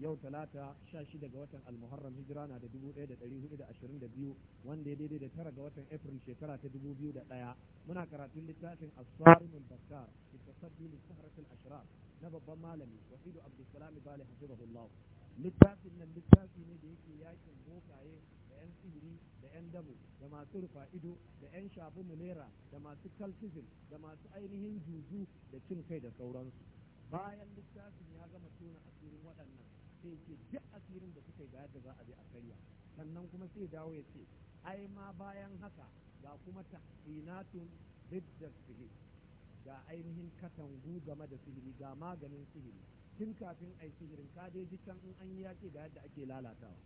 yau talata sha shida ga watan almuharram hijira na da da biyu wanda ya daidai da tara ga watan april shekara ta dubu biyu da ɗaya. muna karatun littafin asarimul bakar fi tasabbul Ashira na babban malami wasidu abdulsalam bali hafizahullah littafin nan littafi ne da yake yakin bokaye da yan sihiri da yan dabu da masu rufa ido da yan shafi mulera da masu kaltizim da masu ainihin juju da cin kai da sauransu bayan littafin ya gama tona sai ce duk asirin da suka yi yadda za a bi a karya sannan kuma sai dawo ya ce ai ma bayan haka ga kuma tahsinatun bidda sihiri ga ainihin katangu game da sihiri ga maganin sihiri tun kafin ai sihirin ka dai ji can in an yi yaƙi da yadda ake lalatawa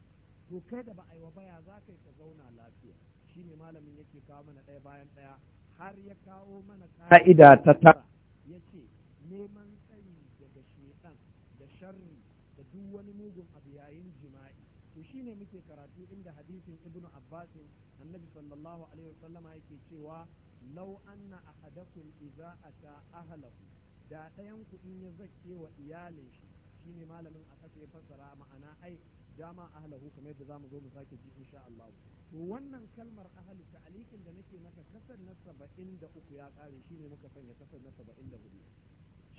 to kai da ba a yi wa baya za ka yi ka zauna lafiya Shi ne malamin yake kawo mana ɗaya bayan ɗaya har ya kawo mana ka'ida ta tara yace neman tsayi daga shedan da sharri da duk wani mugun abu yayin jima'i to shine muke karatu inda hadisin ibnu abbas annabi sallallahu alaihi wasallama yake cewa law anna ahadakum idza ata ahlahu da ɗayan ku in ya zakke wa iyalin shi shine malamin a kasa ya fassara ma'ana ai dama ahlahu kamar yadda zamu zo mu sake ji insha Allah to wannan kalmar ahli ta'alikin da nake maka kasar na 73 ya kare shine muka sanya kasar na 74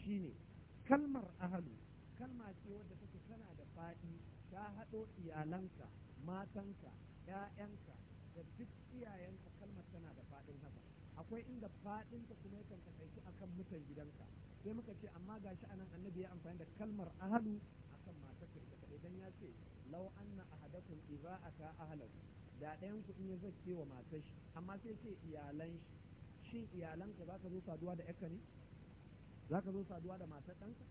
shine kalmar ahlu kalma ce wadda take tana da faɗi ta haɗo iyalanka matanka ƴaƴanka da duk iyayenka kalmar tana da faɗin haka akwai inda faɗinta kuma yakan takaitu akan mutan gidanka sai muka ce amma gashi anan annabi ya amfani da kalmar ahalu akan matarka ita kaɗai dan ya ce lau anna ahadakum ta ahlahu da ɗayan ku in ya zakke wa matar shi amma sai ce iyalan shi shin iyalanka za ka zo saduwa da ƴarka ne za ka zo saduwa da matar ɗanka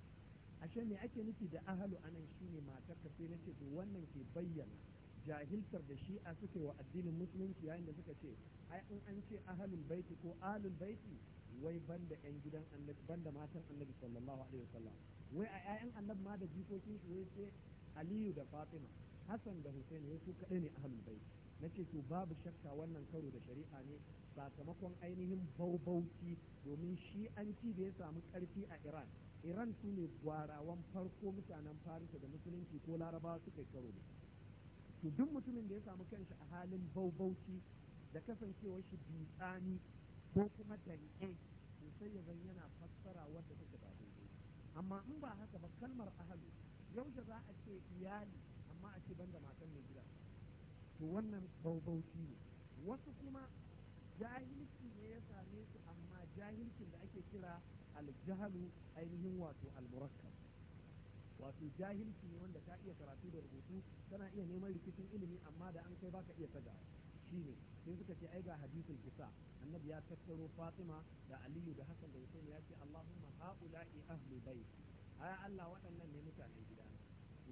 ashe me ake nufi da ahalu anan shine matar ka sai nace to wannan ke bayyana jahiltar da shi'a suke wa addinin musulunci yayin da suka ce ai in an ce ahalul baiti ko Alun baiti wai banda yan gidan annabi banda matan annabi sallallahu alaihi wasallam wai a ƴaƴan annabi ma da jikokin shi wai ce aliyu da fatima hassan da husaini wai su kaɗai ne ahlul baiti nace to babu shakka wannan karo da shari'a ne sakamakon ainihin baubauci domin shi'anci da ya samu ƙarfi a iran iran su ne gwarawan farko mutanen farisa da musulunci ko larabawa suka yi karo to duk mutumin da ya samu kanshi a halin baubauci da kasancewar shi bitsani ko kuma danke to sai ya zan yana fassara wanda take ba daidai amma in ba haka ba kalmar ahalu da za a ce iyali amma a ce banda matan mai gida to wannan baubauci ne wasu kuma jahilci ne ya same su amma jahilcin da ake kira aljahalu ainihin wato almurakkab wato jahilci ne wanda ta iya karatu da rubutu tana iya neman rikicin ilimi amma da an kai baka iya saga shine sai suka ce ai ga kisa annabi ya tattaro fatima da aliyu da hasan da hussein ya ce allahumma haula'i ahli bait ai allah waɗannan ne mutane gida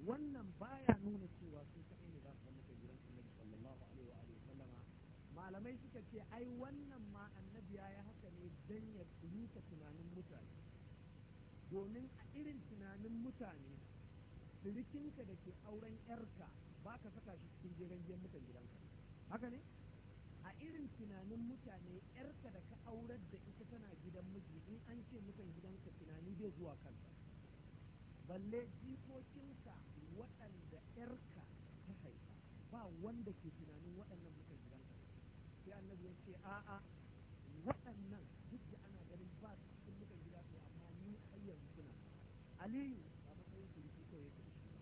wannan baya nuna cewa su kai ne za su zama malamai suka ce ai wannan ma annabi ya haka ne don ya rika tunanin mutane domin a irin tunanin mutane sirikinka da ke auren yarka ba ka saka shi cikin jiragen mutan gidanka haka ne a irin tunanin mutane yarka da ka aurar da ita tana gidan miji in an ce mutan gidanka tunani zai zuwa kanta, balle jikokinka waɗanda yarka ta haifa ba wanda ke tunanin waɗannan mutane. sai annabi ya ce a'a waɗannan duk da ana ganin ba su cikin mukan gida su amma ni har yanzu suna aliyu ba matsayin kirki ko ya kirki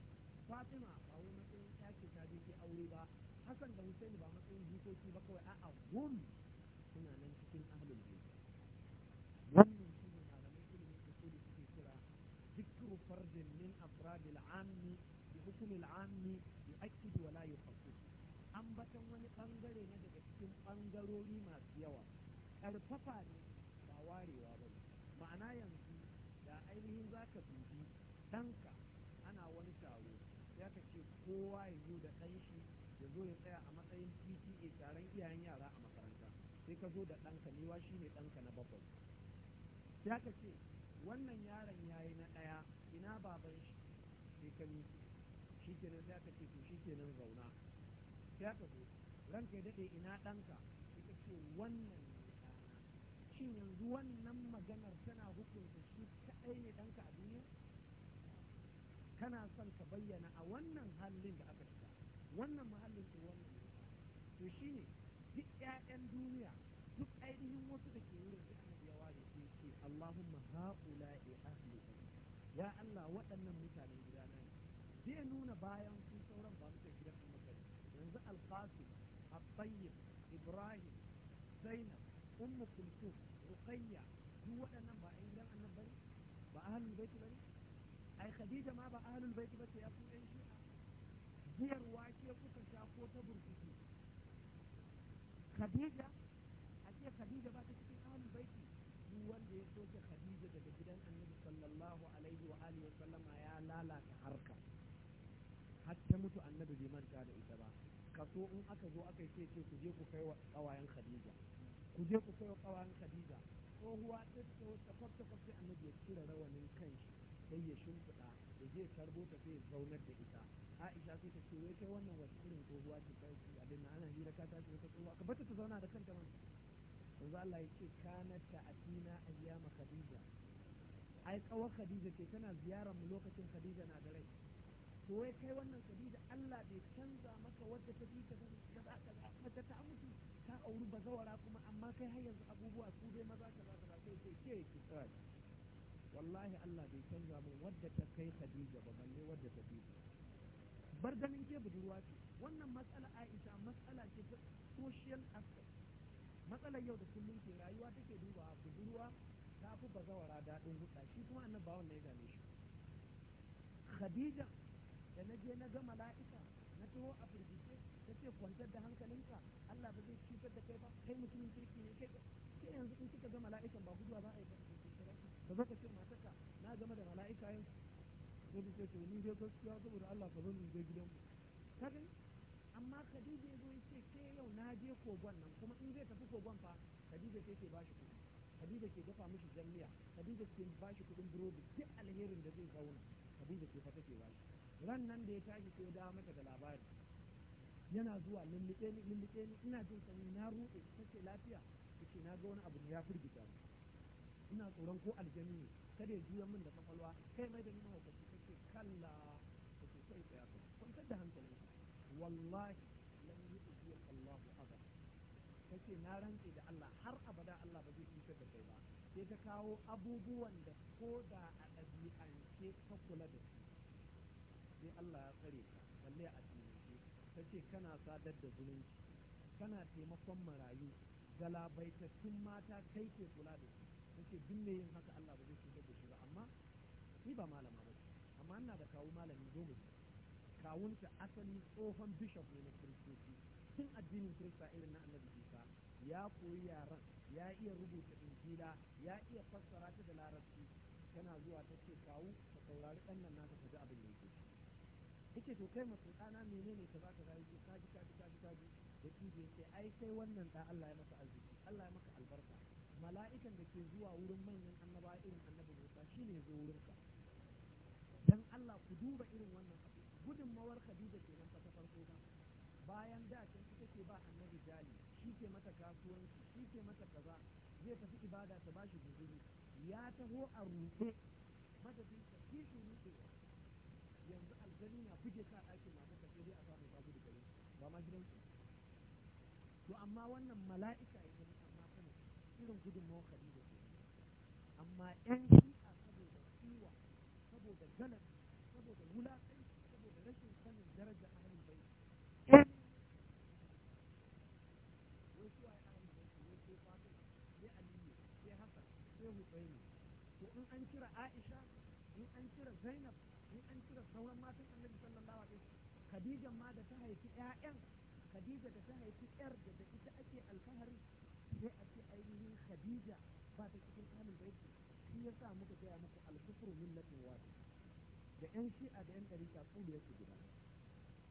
fatima ba wani matsayin yaki ta je ke aure ba hasan da husaini ba matsayin jikoki ba kawai a'a gom suna nan cikin ahlul bayt wannan shi ne malaman ilimin usuli suke kira ذكر فرد من أفراد العام بحكم العام يؤكد ولا يقال ambaton wani bangare na daga cikin ɓangarori masu yawa ƙarfafa ne ba warewa ba ma'ana yanzu da ainihin za ka dubi ɗanka ana wani taro ya ka ce kowa ya zo da ɗan ya zo ya tsaya a matsayin pta taron iyayen yara a makaranta sai ka zo da ɗanka wa shi ne ɗanka na bakwai ya ka ce wannan yaron ya yi na ɗaya ina baban shi sai ka shi kenan sai ka ce to shi kenan zauna ya ɗago ranka ya daɗe ina ɗanka ya ce wannan shi yanzu wannan maganar tana hukunta shi kaɗai ne ɗanka a duniya kana son ka bayyana a wannan halin da aka shiga wannan mahallin ce wannan to shi ne duk 'ya'yan duniya duk ainihin wasu da ke wurin da annabi ya ware ce Allahumma haula'i ahli ya Allah waɗannan mutanen gidana zai nuna bayan yanzu alfasu abbayyar ibrahim zainab ummu kulsum ruqayya duk waɗannan ba a gidan annabi bane ba ahlul baiti bane ai khadija ma ba ahlul baiti bace ya ku ɗan shi'a biyar wake kuka sha ta burkutu khadija a ce khadija ba ta cikin ahlul baiti duk wanda ya soke khadija daga gidan annabi sallallahu alaihi wa ya lalata harka Harta mutu annabi zai manta da ita ba kaso in aka zo aka ce ce ku je ku kai wa kawayen khadija ku je ku kai wa kawayen khadija tsohuwa ta tafaf ta sai annabi ya cire rawanin kanshi sai ya shimfiɗa ya je tarbo ta sai zaunar da ita aisha sai ta ce wai kai wannan wata irin tsohuwa ce kai ce abin ana hira ka tashi wata tsohuwa ka bata ta zauna da kanta man yanzu Allah ya ce kanat ta atina ayyama khadija ai kawar khadija ce tana ziyarar mu lokacin khadija na da rai to wai kai wannan sabida Allah bai canza maka wadda ta fi ka za kaza mace ta mutu ta auri bazawara kuma amma kai har yanzu abubuwa su dai maza kaza kaza sai sai ke ki tsari wallahi Allah bai canza min wadda ta kai Khadija ba balle wadda ta bi ka bar ganin ke budurwa ce wannan matsala Aisha matsala ce ta social aspect matsalar yau da kullum ke rayuwa take dubawa budurwa ta fi bazawara daɗin hutsa shi kuma annabawan ne ya gane shi Khadija da na je na ga mala'ika na taho a firgice ta ce kwantar da hankalinka Allah ba zai cutar da kai ba kai mutumin kirki ne kai ke yanzu in kika ga mala'ikan ba guduwa ba a yi ba ba za ka ce matarka na game da mala'ika yau sai ta ce ni dai gaskiya saboda Allah ka zo mu je gidan mu ka gani amma Khadija ya zo ya ce ke yau na je kogon nan kuma in zai tafi kogon fa Khadija ce ke bashi kuɗi Khadija ke dafa mishi jamiya Khadija ke shi kuɗin burodi duk alherin da zai zauna Khadija ke fa take shi. ran nan da ya tashi sai ya dawo mata da labari yana zuwa lullube ni lullube ni ina jin sanyi na ruɗe ta ce lafiya ta na ga wani abu ne ya firgita ni ina tsoron ko aljanni ne kada ya juya min da kwakwalwa kai mai da ni mahaukaci ta ce kalla ta ce sai tsaya ka kwantar da hankali wallahi lan yi ujiya Allahu abada ta ce na rantse da Allah har abada Allah ba zai cutar da kai ba sai ta kawo abubuwan da ko da a ɗabi'ance ka kula da su sai Allah ya tsare ka balle a taimake ta ce kana sadar da zumunci kana taimakon marayu galabaitattun mata kai ke kula da su ta ce duk yin haka Allah ba zai cutar da shi ba amma ni ba malama ba amma ina da kawo malami dole kawunta asali tsohon bishop ne na kiristoci tun addinin kirista irin na annabi isa ya koyi yaran ya iya rubuta injila ya iya fassara ta da larabci tana zuwa ta ce kawu ka saurari ɗannan nan naka ka ji abin da yake yake to kai mutum ɗana menene ka baka rayu ji kaji kaji kaji kaji da kije sai ai sai wannan da Allah ya masa arziki Allah ya maka albarka mala'ikan da ke zuwa wurin manyan annabawa irin annabi Musa shine ya zo wurin ka dan Allah ku duba irin wannan abu gudunmawar Khadija ke nan ta farko ba bayan da can ita ce ba annabi jali shi ke mata kasuwanci shi ke mata kaza zai tafi ibada ta bashi guzuri ya taho a rufe mata ta kishi rufe yanzu aljani na buge ka a ɗakin masu sai dai a samu babu da gari ba ma gidan su to amma wannan mala'ika ya gani amma kana irin gudunmawar khadija ke amma shi a saboda ciwa saboda galar saboda wulaƙai saboda rashin sanin daraja ahalin bai su bai sai fatima sai aliyu sai to in an cire aisha in an cire zainab in an cire sauran matan annabi sallallahu alaihi wasallam khadijan ma da ta haifi ƴaƴan khadija da ta haifi ƴar da da ita ake alfahari sai a ce ainihin khadija ba ta cikin ahlul baiti shi yasa muka gaya muku al-kufru millatin wahid da ƴan shi'a da ƴan ɗariƙa tsulu yake gida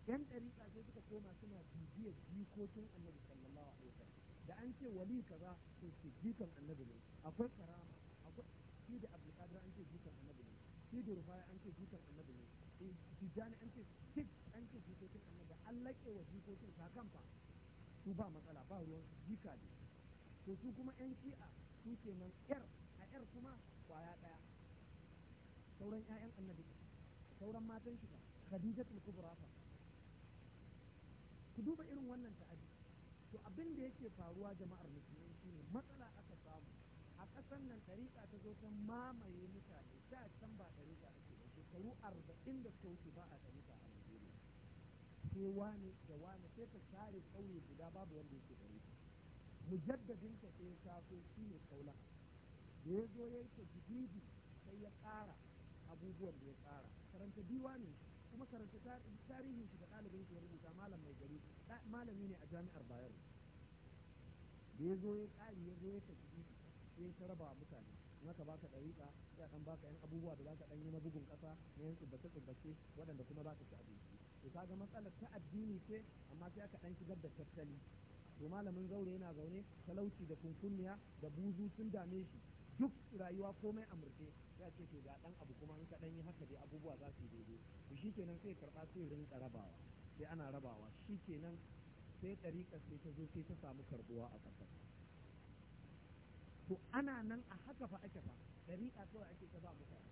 ƴan ɗariƙa sai suka koma suna bibiyar jikokin annabi sallallahu alaihi wasallam da an ce wali kaza sun ce jikan annabi ne akwai karama akwai shi da abdulkadir an ce jikan annabi ne sai da rufa an ce jikar annabi ne eh, tijjani an ce tik an ce jikokin annabi an laƙe wa jikokin kakan fa su ba matsala ba ruwan jika ne to su kuma yan shi'a su ke nan yar a yar kuma kwaya ɗaya sauran 'ya'yan annabi sauran matan shi ba khadijatul kubra fa ku duba irin wannan ta'adi to abin da yake faruwa jama'ar musulmi shine matsala aka samu a ƙasar nan tariƙa ta zo ta mamaye mutane da can ba tariƙa ake da shekaru arba'in da suka wuce ba a tariƙa a Najeriya sai wani da wani sai ta share ƙauye guda babu wanda yake tariƙa mujaddadin ta sai ya taso shi ne kaula da ya zo ya yi digiri sai ya ƙara abubuwan da ya ƙara karanta ne kuma karanta tarihin shi da ɗalibin shi ya rubuta malam mai gari malami ne a jami'ar bayero da ya zo ya ƙari ya zo ya tafi sai ta raba mutane in aka baka ɗariƙa sai a baka yan abubuwa da zaka ɗan yi na bugun ƙasa na yan tsubbace tsubbace waɗanda kuma ka ci abinci to ka ga matsalar ta addini ce amma sai aka ɗan shigar da tattali to malamin zaure yana zaune talauci da kunkunniya da buzu sun dame shi duk rayuwa komai a amurke ya ce to ga ɗan abu kuma in ka ɗan yi haka dai abubuwa za su daidai to kenan sai karɓa sai rinka rabawa sai ana rabawa shi kenan sai ɗariƙa sai ta zo sai ta samu karɓuwa a ƙasar to ana nan a haka fa ake fa dariƙa kawai ake ta ba mutane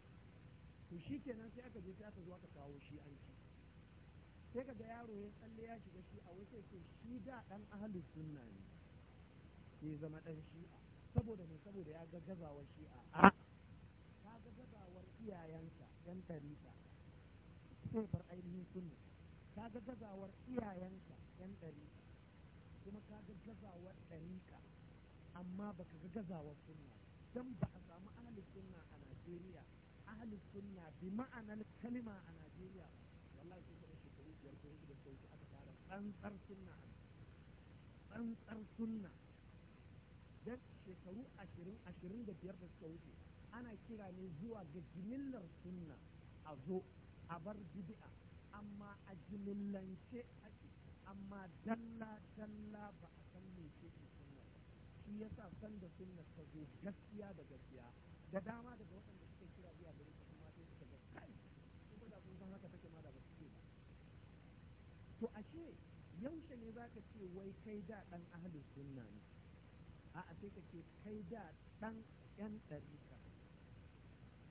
to shi kenan sai aka je sai aka zo aka kawo shi an ci sai ka ga yaro ya tsalle ya shiga shi a wace ce shi da ɗan ahalin sunna ne ya zama ɗan shi'a saboda ne saboda ya ga gazawar shi'a a ka ga gazawar iyayensa yan tariƙa sai bar ainihin sunna ka ga gazawar iyayensa yan tariƙa kuma ka ga gazawar tariƙa amma baka ga gazawar sunna dan ba a samu ahalin sunna a Najeriya ahalin sunna bi ma'anar kalima a Najeriya wallahi sai kuma shekaru biyar ko hudu da sauki aka fara tsantsar sunna tsantsar sunna don shekaru ashirin ashirin da biyar da suka wuce ana kira ne zuwa ga jimillar sunna a zo a bar bid'a amma a jimillance ake amma dalla dalla ba a shi ya sa san da sunna ta zo gaskiya da gaskiya da dama daga waɗanda suke kira zuwa da rikon kuma sai suka ga kai kuma da kun san haka take ma da ba su ce ba to ashe yaushe ne za ka ce wai kai da ɗan ahalin sunna ne a a sai ka ce kai da ɗan ƴan ɗariƙa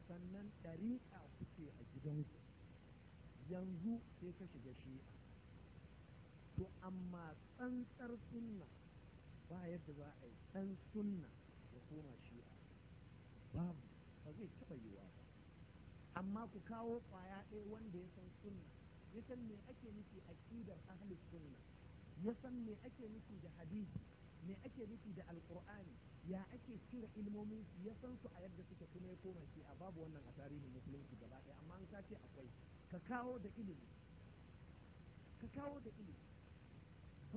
sannan ɗariƙa kuke a gidanku yanzu sai ka shiga shi'a to amma tsantsar sunna ba yadda za a yi ɗan sunna ya koma shi'a babu ba zai taɓa yi wa ba amma ku kawo ƙwaya ɗaya wanda ya san sunna ya san me ake nufi ƙidar ahalis sunna ya san me ake nufi da hadisi me ake nufi da alƙur'ani ya ake cire ilmomin ya san su a yadda suke kuma ya koma Shi'a. babu wannan a tarihin musulunci gaba ɗaya amma an sace akwai ka kawo da ilimi ka kawo da ilimi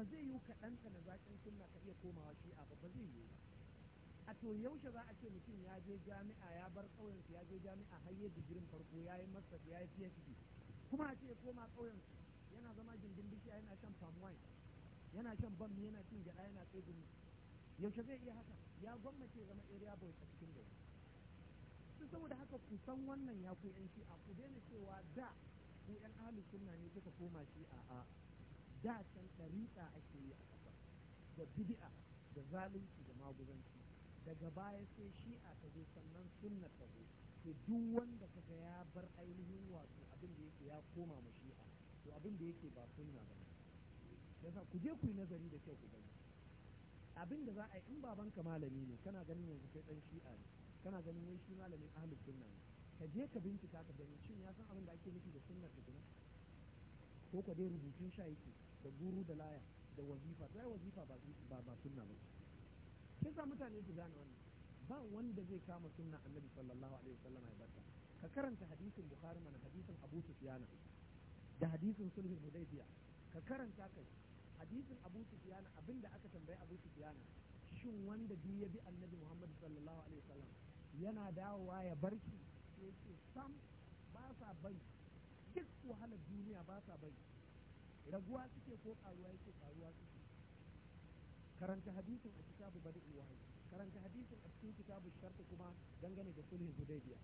ba zai yi ka ɗanka na zaƙin sunna ka iya komawa shi'a ba ba zai yi a to yaushe za a ce mutum ya je jami'a ya bar ƙauyensu ya je jami'a har da digirin farko ya yi masa ya yi phd kuma a ce ya koma ƙauyensu yana zama gindin bishiya yana shan palm wine yana shan bam, yana cin gyaɗa yana tsegumi yaushe zai iya haka ya gwammace zama area boy a cikin gari su saboda haka ku san wannan ya ku yan shi'a ku daina cewa da ku yan ahalin sunna ne suka koma shi'a a da can ɗariƙa ake yi a ƙasar da bid'a da zalunci da maguzanci daga baya sai shi'a ta zo sannan sunna ta zo to duk wanda kaga ya bar ainihin wato abin da yake ya koma ma shi'a to abin da yake ba sunna ba yasa ku je ku yi nazari da kyau ku gani abin da za a yi in babanka malami ne kana ganin yanzu kai dan shi'a ne kana ganin wai shi malamin ahlus sunna ne ka je ka bincika ka gani shin ya san abin da ake nufi da sunnar ko ka dai rubutun sha yake da guru da laya da wazifa ta wazifa ba ba sunna ba kin sa mutane su gane wannan ba wanda zai kama sunna annabi sallallahu alaihi wasallam ya barka ka karanta hadisin bukhari mana hadisin abu sufyan da hadisin sulhul hudaybiya ka karanta kai hadisin abu sufyan abinda aka tambayi abu sufyan shin wanda duk ya bi annabi muhammad sallallahu alaihi wasallam yana dawowa ya barki sai ce sam ba sa bai duk wahalar duniya ba sa bai raguwa suke ko karuwa yake karuwa suke karanta hadisin a kitabu bada'ul wahyi karanta hadisin a cikin kitabu sharh kuma dangane da sulhul hudaybiya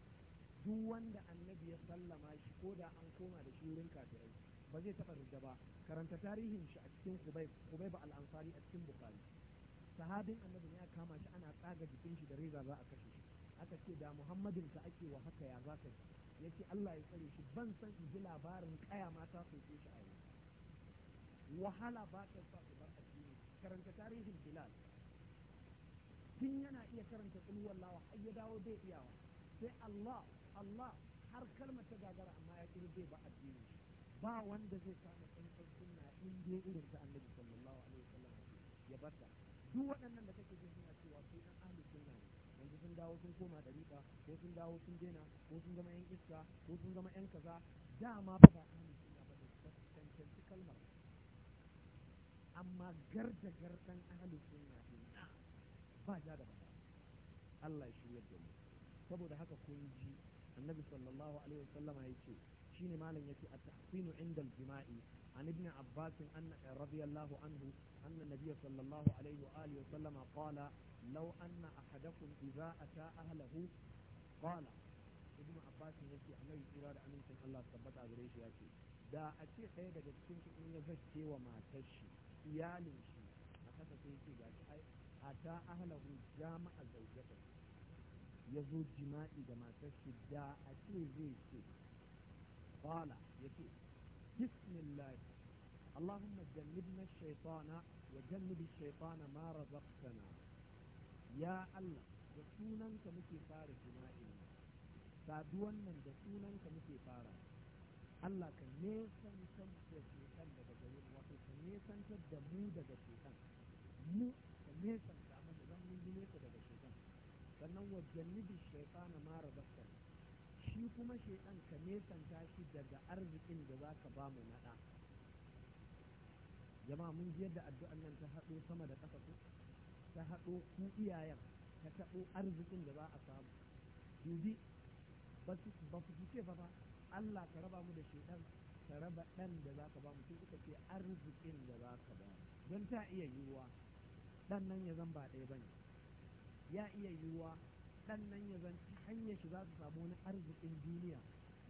duk wanda annabi ya sallama shi ko da an koma da shirin kafirai ba zai taɓa rida ba karanta tarihin shi a cikin kubai kubai ba al'ansari a cikin bukari sahabin annabi ya kama shi ana tsaga jikin shi da reza za a kashe shi aka ce da muhammadin ka ake wa haka ya za ka yi ya ce allah ya tsare shi ban san in ji labarin kaya mata soke shi a wahala ba ta sa su bar addini karanta tarihin bilal tun yana iya karanta kulwar lawa har ya dawo bai iyawa sai Allah Allah har kalmar ta gagara amma ya kiri bai ba addini ba wanda zai samu tsantsan sunna in dai irin ta annabi sallallahu alaihi wasallam ya barta duk waɗannan da kake jin suna cewa sai an ahli sunna ne yanzu sun dawo sun koma dariƙa ko sun dawo sun daina ko sun zama yan iska ko sun zama yan kaza dama ba ba ahli sunna ba ne ba su kalmar amma garda gardan ahalin sunna ne ba ja da baya Allah ya shirya da mu saboda haka kun ji annabi sallallahu alaihi wasallama yace shine malam yace at-tahsinu inda al-jima'i عن ابن عباس أن رضي الله عنه أن a صلى الله عليه وآله وسلم قال لو أن أحدكم إذا أتى أهله da ابن Allah يأتي أنه shi أن الله ثبت أغريش يأتي دا أتي خير جدسين إن يزكي matar shi. iyalin shi a kasa sai ce gashi a ta ahalahu jama'a zaujata ya zo jima'i da matar shi da a ce zai ce fala ya ce bismillah اللهم جنبنا الشيطان وجنب الشيطان ما رزقتنا يا الله دسونا كمكي فار جنائنا سادوانا دسونا كمكي فار الله كنيسا نسمت في الشيطان nesantar da mu daga shekan mu da nesanta mu zan mun yi nesa daga shekan sannan wa jannibi na mara bakkar shi kuma shaitan ka nesanta shi daga arzikin da za ka ba mu naɗa jama'a mun ji yadda addu'an nan ta haɗo sama da ƙasa ku ta haɗo ku iyayen ta taɓo arzikin da za a samu dubi ba su ce ba ba Allah ka raba mu da shaitan ka raba ɗan da za ka ba mu mutum suka ce arzikin da za ka ba don ta iya yiwuwa ɗan nan ya zan ba ɗaya ba ne ya iya yiwuwa ɗan nan ya zan hanyar shi za su samu wani arzikin duniya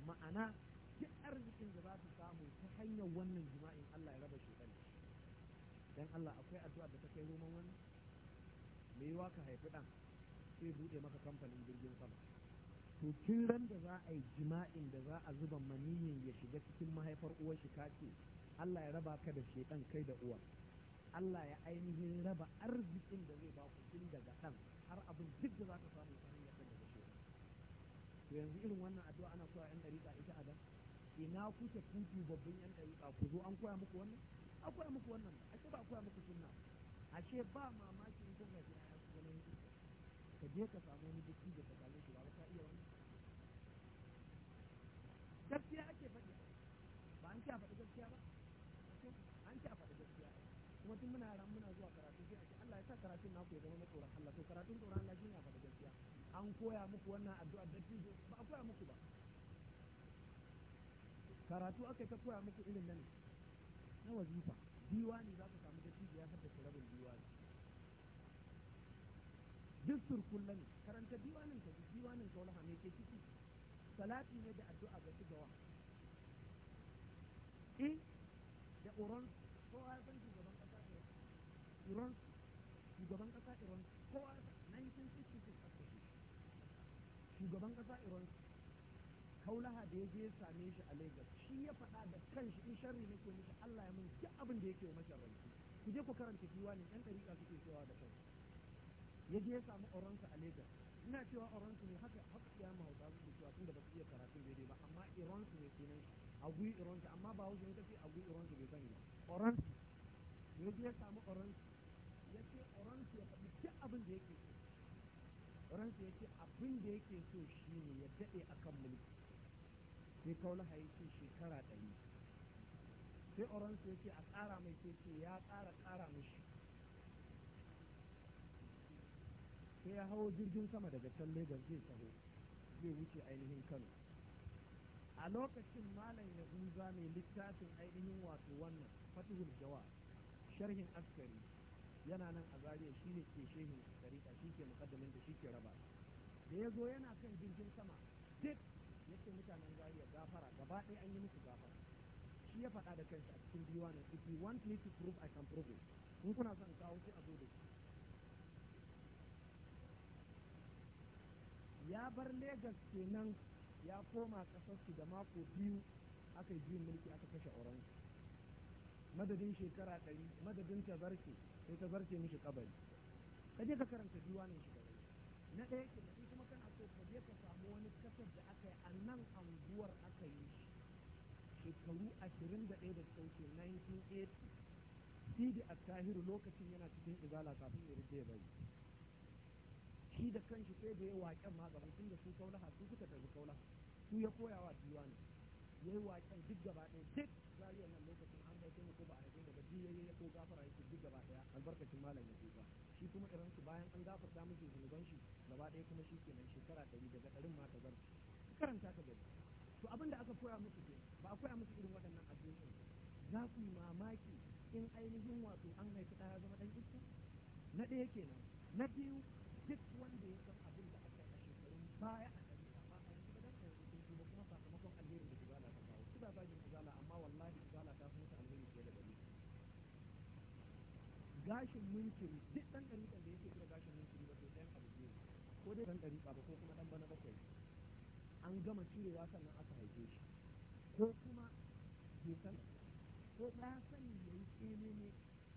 ma'ana duk arzikin da za su samu ta hanyar wannan jima'in Allah ya raba shi ɗan dan Allah akwai addu'a da ta kai roman wani me yiwa ka haifi ɗan sai buɗe maka kamfanin jirgin sama to tun ran da za a yi jima'in da za a zuba maniyin ya shiga cikin mahaifar uwar shi kace Allah ya raba ka da shedan kai da uwar, Allah ya ainihin raba arzikin da zai ba ku tun daga kan har abin duk da za ka samu ta hanyar da daga shi to yanzu irin wannan addu'a ana koya yan dariƙa ita a dan ina kuke kuku babban yan dariƙa ku zo an koya muku wannan an koya muku wannan ashe ba a koya muku sunna ashe ba mamaki kun ga ka je ka samu wani duk da ka same shi ba ka iya wani gaskiya ake faɗi ba an ce faɗi gaskiya ba an ce a faɗi gaskiya kuma tun muna yaran muna zuwa karatu sai ake. Allah ya sa karatun naku ya zama na tsoron Allah to karatun tsoron Allah shine a faɗi gaskiya an koya muku wannan addu'a dattijo ba a koya muku ba karatu aka ta koya muku irin nan na wazifa ne za ku samu dattijo ya haddace rabin ne. duk surkulla ne karanta diwanin ka diwanin ka wani hame ke ciki salati ne da addu'a ga shigawa in eh, da uron kowa ya san shugaban kasa iran shugaban kasa iran kowa 1966 aka shi shugaban kasa iran kaulaha da ya je ya same shi a lagos shi ya faɗa da kanshi in sharri nake mishi allah ya mun duk abin da yake wa masharranci ku je ku karanta diwanin yan ɗariƙa suke cewa da kansu ya je ya samu oransa a Lagos ina cewa oransu ne haka haka ya ma hausa su cewa tunda ba su iya karatun daidai ba amma iransu ne kenan gui iransu amma ba wajen kafi a gui iransu bai sani ba oransu ya je ya samu oransu ya ce oransu ya faɗi duk abin da yake so oransu ya ce abin da yake so ne ya daɗe a kan mulki sai kaulaha ya ce shekara ɗari sai oransu ya ce a ƙara mai sai ce ya ƙara ƙara mai shi. sai ya hawo jirgin sama daga can Legas zai taho zai wuce ainihin Kano a lokacin malam ya Yahuza mai littafin ainihin wato wannan Fatihul Jawa sharhin askari yana nan a zariya shi ne ke shehin tariƙa shi ke mukaddamin da shi ke raba da ya zo yana kan jirgin sama duk ce mutanen zariya gafara gaba ɗaya an yi musu gafara shi ya faɗa da kansa a cikin diwanin if you want me to prove I can prove it in kuna son kawo shi a zo da shi ya bar Legas kenan ya koma kasarsu da mako biyu aka yi biyun mulki aka kashe auren madadin shekara ɗari madadin tazarce sai tazarce mishi kabari ka je ka karanta diwanin shi kabari na ɗaya ke da kuma kana so ka je ka samu wani kasar da aka yi a nan anguwar aka yi shekaru ashirin da ɗaya da sauke 1980 sidi a tahiru lokacin yana cikin izala kafin ya rike bari shi da kanshi sai da ya waƙen ma gaba tun da su kaulaha su suka tafi kaula su ya koya wa diwani ya yi waƙen duk gaba ɗaya duk zariyar nan lokacin an haife mu ko ba a yi daga ba ji ya yi ko gafara yake duk gaba ɗaya albarkacin malam ya ba shi kuma irin su bayan an gafarta mishi zunuban shi gaba ɗaya kuma shi ke nan shekara ɗari daga ɗarin ma ta zarci karanta ka gani to abin da aka koya musu ke ba a koya musu irin waɗannan addu'o'i za ku yi mamaki in ainihin wato an haifi ɗaya zama ɗan iska na ɗaya kenan na biyu duk wanda ya san abin da aka a shekarun baya a gari amma a yanzu ba za ka yi kuma kuma sakamakon alherin da izala ta kawo su ba zagin izala amma wallahi izala ta fi musu alheri fiye da gari gashin munkiri duk ɗan ɗariƙan da yake kira gashin munkiri ba sai ɗan abu biyu ko dai ɗan ɗariƙa ba ko kuma ɗan bana bakwai an gama cirewa sannan aka haife shi ko kuma bai san ko ya sani ya yi tsilini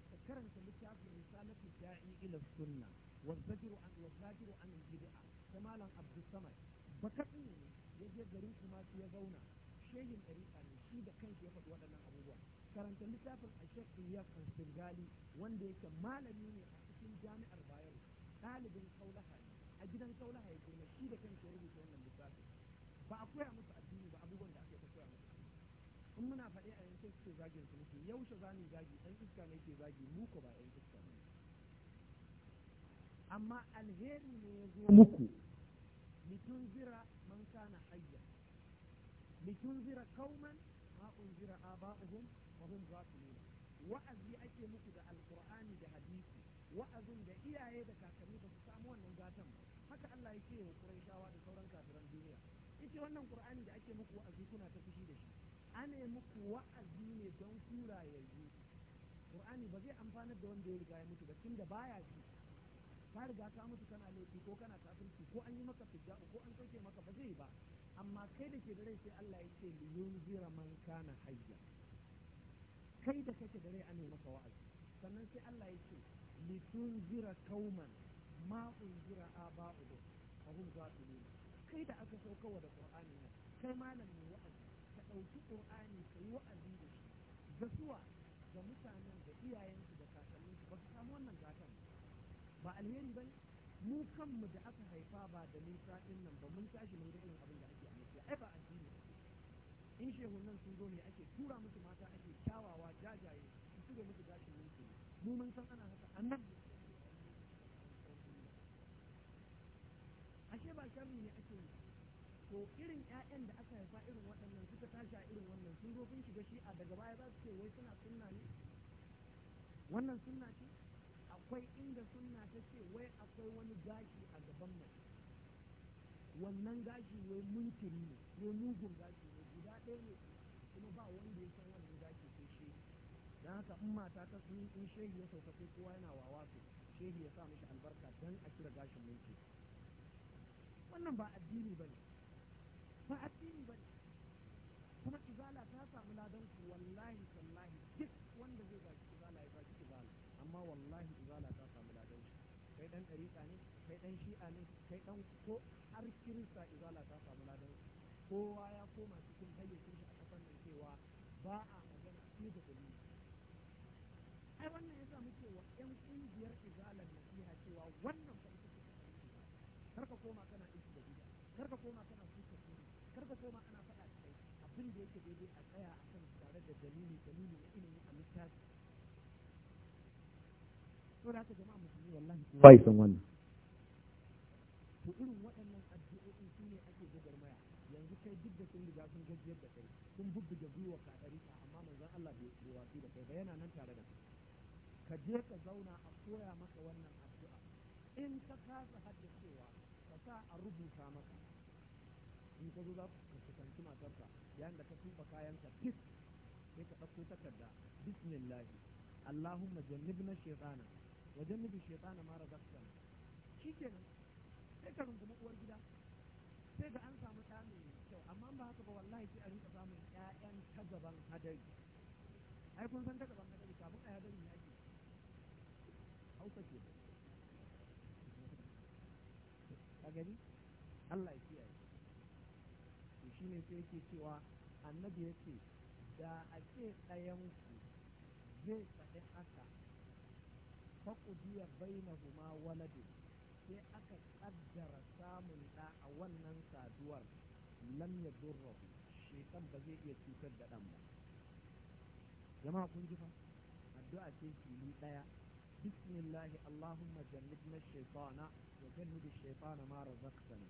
ka karanta littafin risalatu da'i ila sunna والزجر عن والزاجر عن البدعة كمالا عبد الصمد بكتن يجي غرين كما يزونا شيء طريقة شيء ده كان يفض ودنا أبوه karanta littafin a shek Iyas Al-Singali wanda yake malami ne a cikin jami'ar Bayero ɗalibin Kaulaha a gidan Kaulaha ya girma shi da kansa ya rubuta wannan littafin ba a koya musu addini ba abubuwan da ake ta koya musu in muna faɗi a yankin suke zagin su muke yaushe za mu zagi ɗan iska ne ke zagi mu ko ba amma alheri ne ya zo muku zira man kana hayya zira kauman ma unzira aba'uhum wa hum ghafilun wa'azi ake muku da alkur'ani da hadisi wa'azin da iyaye da kakanni ba su samu wannan gatan ba haka Allah yake wa Qurayshawa da sauran kafiran duniya yace wannan Qur'ani da ake muku wa'azi kuna ta fushi da shi ana muku wa'azi ne don kura yanzu Qur'ani ba zai amfanar da wanda ya riga ya mutu ba tunda baya ji ka riga ka mutu kana laifi ko kana kafirci ko an yi maka fidda ko an sauke maka ba zai ba amma kai da ke da rai sai Allah ya ce liyunzira man kana hayya kai da kake da rai an yi maka wa'azi sannan sai Allah ya ce litunzira kauman ma unzira aba'uhum fahum yi. kai da aka sauka wa da qur'ani ne kai malam wa'azi ka ɗauki qur'ani ka yi wa'azi da shi ga suwa ga mutanen da iyayensu da kakanninsu ba su samu wannan gatan ba ba alheri ba ne mu kanmu da aka haifa ba da nisa sa'in nan ba mun tashi mun ga irin abin da ake a nisa ai ba addini in shehun nan sun zo ne ake tura musu mata ake kyawawa jajaye su tura musu gashin mulki mu mun san ana haka nan ashe ba sharri ne ake yi to irin 'ya'yan da aka haifa irin waɗannan suka tashi a irin wannan sun zo sun shiga shi'a daga baya za su ce wai suna sunna ne wannan sunna ce akwai inda sunna ta ce wai akwai wani gashi a gaban mai wannan gashi wai munkiri ne wai mugun gashi ne guda ɗaya ne kuma ba wanda ya san wannan gashi ko shi don haka in mata ta sun in shehi ya sauka ko kowa yana wawa su shehi ya sa mishi albarka don a kira gashin mulki wannan ba addini bane ba addini bane kuma izala ta samu ladan wallahi sallahi duk wanda zai gashi amma wallahi izala ta samu ladan shi kai dan dariqa ne kai dan shi'a ne kai dan ko har kirista izala ta samu ladan shi kowa ya koma cikin hayyacin shi a kasan nan cewa ba a magana shi da dalili ai wannan yasa muke wa yan kungiyar izalar nasiha cewa wannan fa ita ce kar karka koma kana ishi da bid'a karka koma kana suka sunna karka koma ana faɗa kai abin da yake daidai a tsaya akan tare da dalili dalili na ilimi a littafi bai san wannan ka je ka zauna a koya maka wannan addu'a in ka kasa haddacewa ka sa a rubuta maka in ka zo za ka kusanci matarka yayin da ka tuba kayanka fit sai ka ɗauko takarda bismillahi allahumma jannibna shaytana wajen nufi na mara zafiya shi ke nan sai ka rungumi uwar gida sai ga an samu ɗa mai kyau amma ba haka ba wallahi sai a rinka samun ƴaƴan ta gaban hadari ai kun san ta gaban hadari kafin a hadari ne ake hausa ke a gani Allah ya kiyaye to shine sai yake cewa annabi yake da a ce ɗayan ku zai faɗi haka faƙudiya bainahuma waladin sai aka ƙaddara samun ɗa a wannan saduwar lam ya durrahu shekan ba zai iya cutar da ɗan ba jama'a kun ji fa addu'a ce fili ɗaya bismillahi allahumma jannibna shaytana wa jannib shaytana ma razaqtana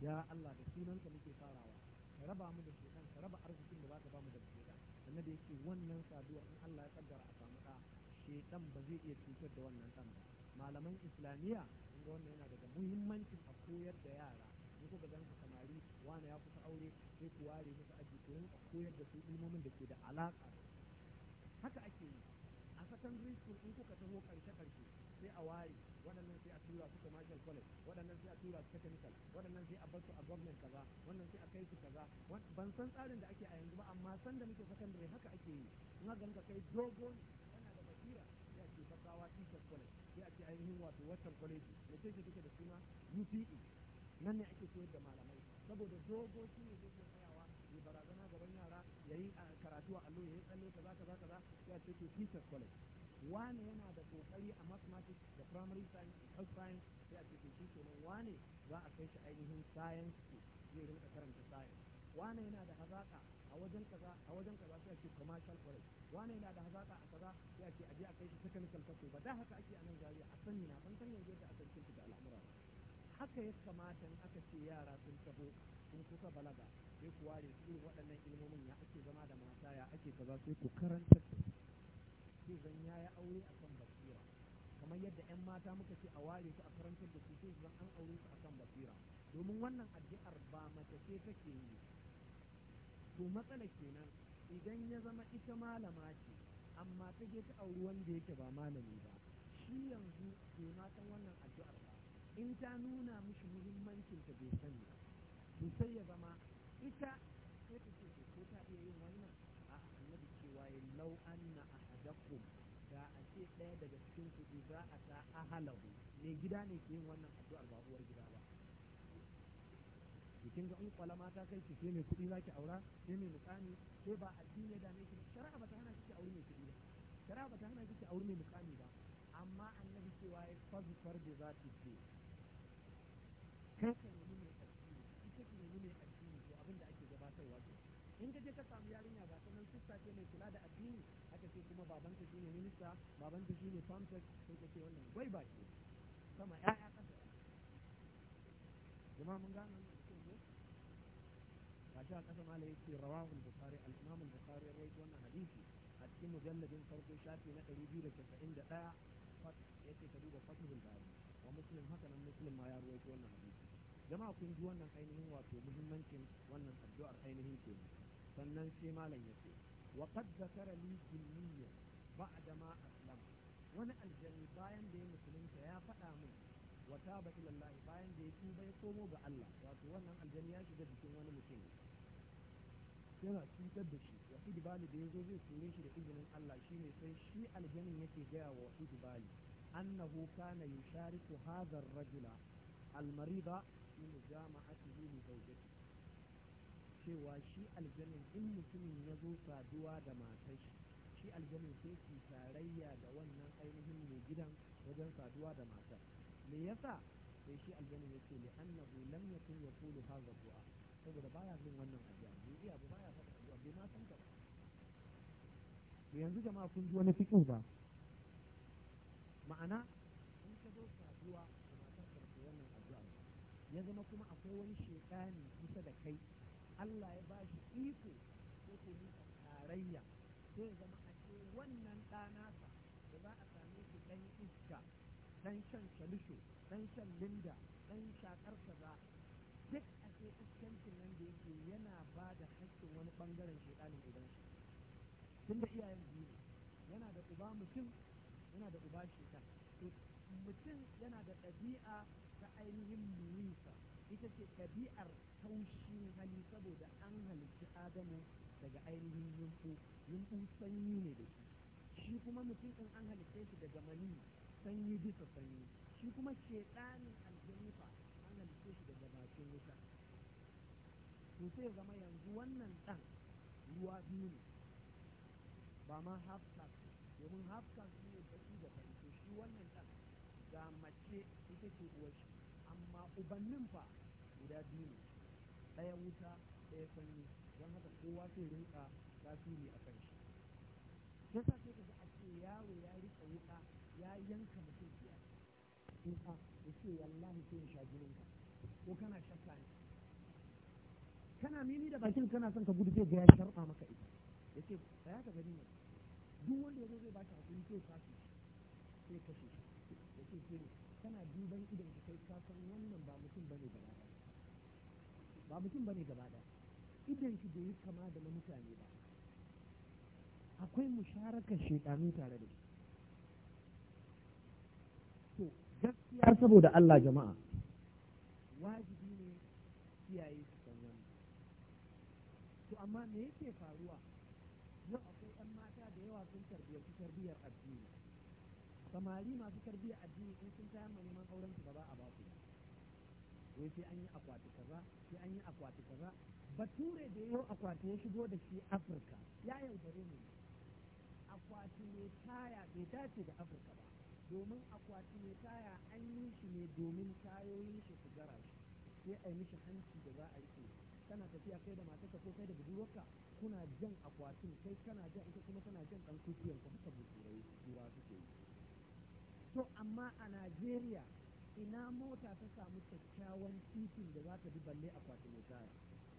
ya allah da sunanka muke farawa ka raba mu da shaytan ka raba arzikin da baka ba mu da shaytan annabi yake wannan saduwar in allah ya kaddara a samu ɗa shedan ba zai iya cutar da wannan ɗan ba malaman islamiyya kun ga wannan yana daga muhimmancin a koyar da yara in kuka gan ka samari wani ya kusa aure sai ku ware masa aji ku a koyar da su ilmomin da ke da alaƙa haka ake yi a secondary school in kuka taho karshe karshe sai a ware waɗannan sai a tura su commercial college waɗannan sai a tura su technical waɗannan sai a bar su a government kaza wannan sai a kai su kaza ban san tsarin da ake a yanzu ba amma san da muke secondary haka ake yi in ka kai dogon adamawa teachers college sai a ce ainihin wato western college da ce take da suna UPE nan ne ake koyar da malamai saboda dogo shi ne zai tsayawa ya barazana gaban yara yayi yi karatu a allo ya yi tsalle kaza kaza kaza sai ce to teachers college wane yana da kokari a mathematics da primary science da health science sai a ce to shi kenan wane za a kai shi ainihin science zai rinka karanta science wane yana da hazaka a wajen kaza a wajen kaza sai ake commercial college wane yana da hazaka a kaza sai a aje a kai shi technical faculty ba da haka ake a nan zariya a sani na ban sanya yadda da a san da al'amura haka ya kamata in aka ce yara sun taho sun kusa balaga sai ku ware su waɗannan ilmomin ya ake zama da mata ya ake kaza sai ku karanta sai zan yi aure a kan basira kamar yadda 'yan mata muka ce a ware su a karantar da su sai zan an aure su a kan basira domin wannan addu'ar ba mace ce take yi to matsala kenan idan ya zama ita malama ce amma ta je ta auri wanda yake ba malami ba shi yanzu bai ma san wannan addu'ar ba in ta nuna mishi muhimmancin ta bai sani ba to sai ya zama ita sai ta ce ko ta iya yin wannan a annabi cewa ya lau anna ahadakum da a ce ɗaya daga cikin kuɗi za a ta ahalahu mai gida ne ke yin wannan addu'ar ba uwar gida ba Bikin kin ga in kwala mata kai ki sai mai kuɗi zaki aura sai mai mukami sai ba addini ya dame ki shari'a ba ta hana ki aure mai kuɗi ba shari'a ba ta hana ki aure mai mukami ba amma annabi cewa ya fazu da za ki ce kai ka nemi mai addini ita ki nemi mai addini to abin da ake gabatarwa ke in ka je ka samu yarinya ba sanan sista ce mai kula da addini aka ce kuma babanta shine minista babanta shine famsek sai ka ce wannan gwai ba ke sama ya'ya kasa jama'a mun gano gashi a ƙasa mala yace rawahul bukhari al-imam al-bukhari rawaito wannan hadisi a cikin mujalladin farko shafi na 291 yace ka duba fathul bari wa muslim haka nan muslim ma ya rawaito wannan hadisi jama'a kun ji wannan ainihin wato muhimmancin wannan addu'ar ainihin ke sannan sai malam yace wa qad zakara li jinniyya ba'da ma aslam wani aljanni bayan da ya musulunta ya faɗa min wa taba ila bayan da ya tuba ya komo ga Allah wato wannan aljanni ya shiga jikin wani mutum yana cutar da shi wasu dibali da ya zo zai ture shi da izinin Allah shi ne sai shi aljanin yake gaya wa wasu dibali annahu kana yushariku hadha ar-rajula al-marida fi mujama'atihi zawjati cewa shi aljanin in mutumin ya zo saduwa da matar shi shi aljanin sai ki tarayya da wannan ainihin mai gidan wajen saduwa da matar me yasa sai shi aljanin yake li annahu lam yakun yaqulu hadha du'a saboda baya bin wannan addu'a bai ba baya san addu'a bai ma san ba yanzu jama'a kun ji wani fikin ba ma'ana in ka zo saduwa da matar karfe wannan addu'a ya zama kuma akwai wani shekani kusa da kai Allah ya ba shi iko ko ko ni tarayya sai ya zama a ce wannan ɗanasa da za a same shi ɗan iska ɗan shan shalisho ɗan shan linda ɗan shakar kaza ashe iskancin nan da yake yana ba da haƙƙin wani ɓangaren shaidanin idan shi tun da iyayen biyu yana da uba mutum yana da uba shekar to mutum yana da ɗabi'a ta ainihin murisa ita ce ɗabi'ar taushi hali saboda an halicci adamu daga ainihin yunfu yunfu sanyi ne da shi shi kuma mutum ɗin an halitta shi daga mani sanyi bisa sanyi shi kuma shekarun aljannifa an halitta shi daga bakin wuta to sai zama yanzu wannan ɗan ruwa biyu ne ba ma half domin half tax ne baki da fari to shi wannan ɗan ga mace ita ce uwar shi amma ubannin fa guda biyu ne ɗaya wuta ɗaya sanyi don haka kowa sai rinka tasiri a kan shi ta sa sai a ce yaro ya rika wuta ya yanka mutum biyar in a ya ce wallahi sai in sha jininka ko kana shakka ne kana mimi da bakin kana son ka gudu zai ga ya sharɓa maka ita ya ce ba ya gani ne duk wanda ya zo zai baka hakuri sai kashi sai kashe ya ce ke kana duban idan ka kai ka san wannan ba mutum bane gaba ɗaya ba mutum bane gaba ɗaya idan shi bai yi kama da na mutane ba akwai musharakar shekaru tare da shi to gaskiya saboda Allah jama'a wajibi ne kiyaye amma me yake faruwa yau akwai ɗan mata da yawa sun tarbiyyar tarbiyar addini samari masu tarbiyar addini in sun tayar neman auren su ba za a ba su wai sai an yi akwati kaza sai an yi akwati kaza bature da yau akwati ya shigo da shi afirka ya yaudare mu akwati mai taya bai dace da afirka ba domin akwati mai taya an yi shi ne domin tayoyin shi su gara shi sai a yi mishi hanci da za a yi rike kana tafiya kai da matarka ko kai da budurwarka kuna jan akwatin kai kana jan ita kuma tana jan dan kutiyar ku buturai ruwa suke yi to amma a Najeriya ina mota ta samu kyakkyawan titin da za ta bi balle akwatin mai taya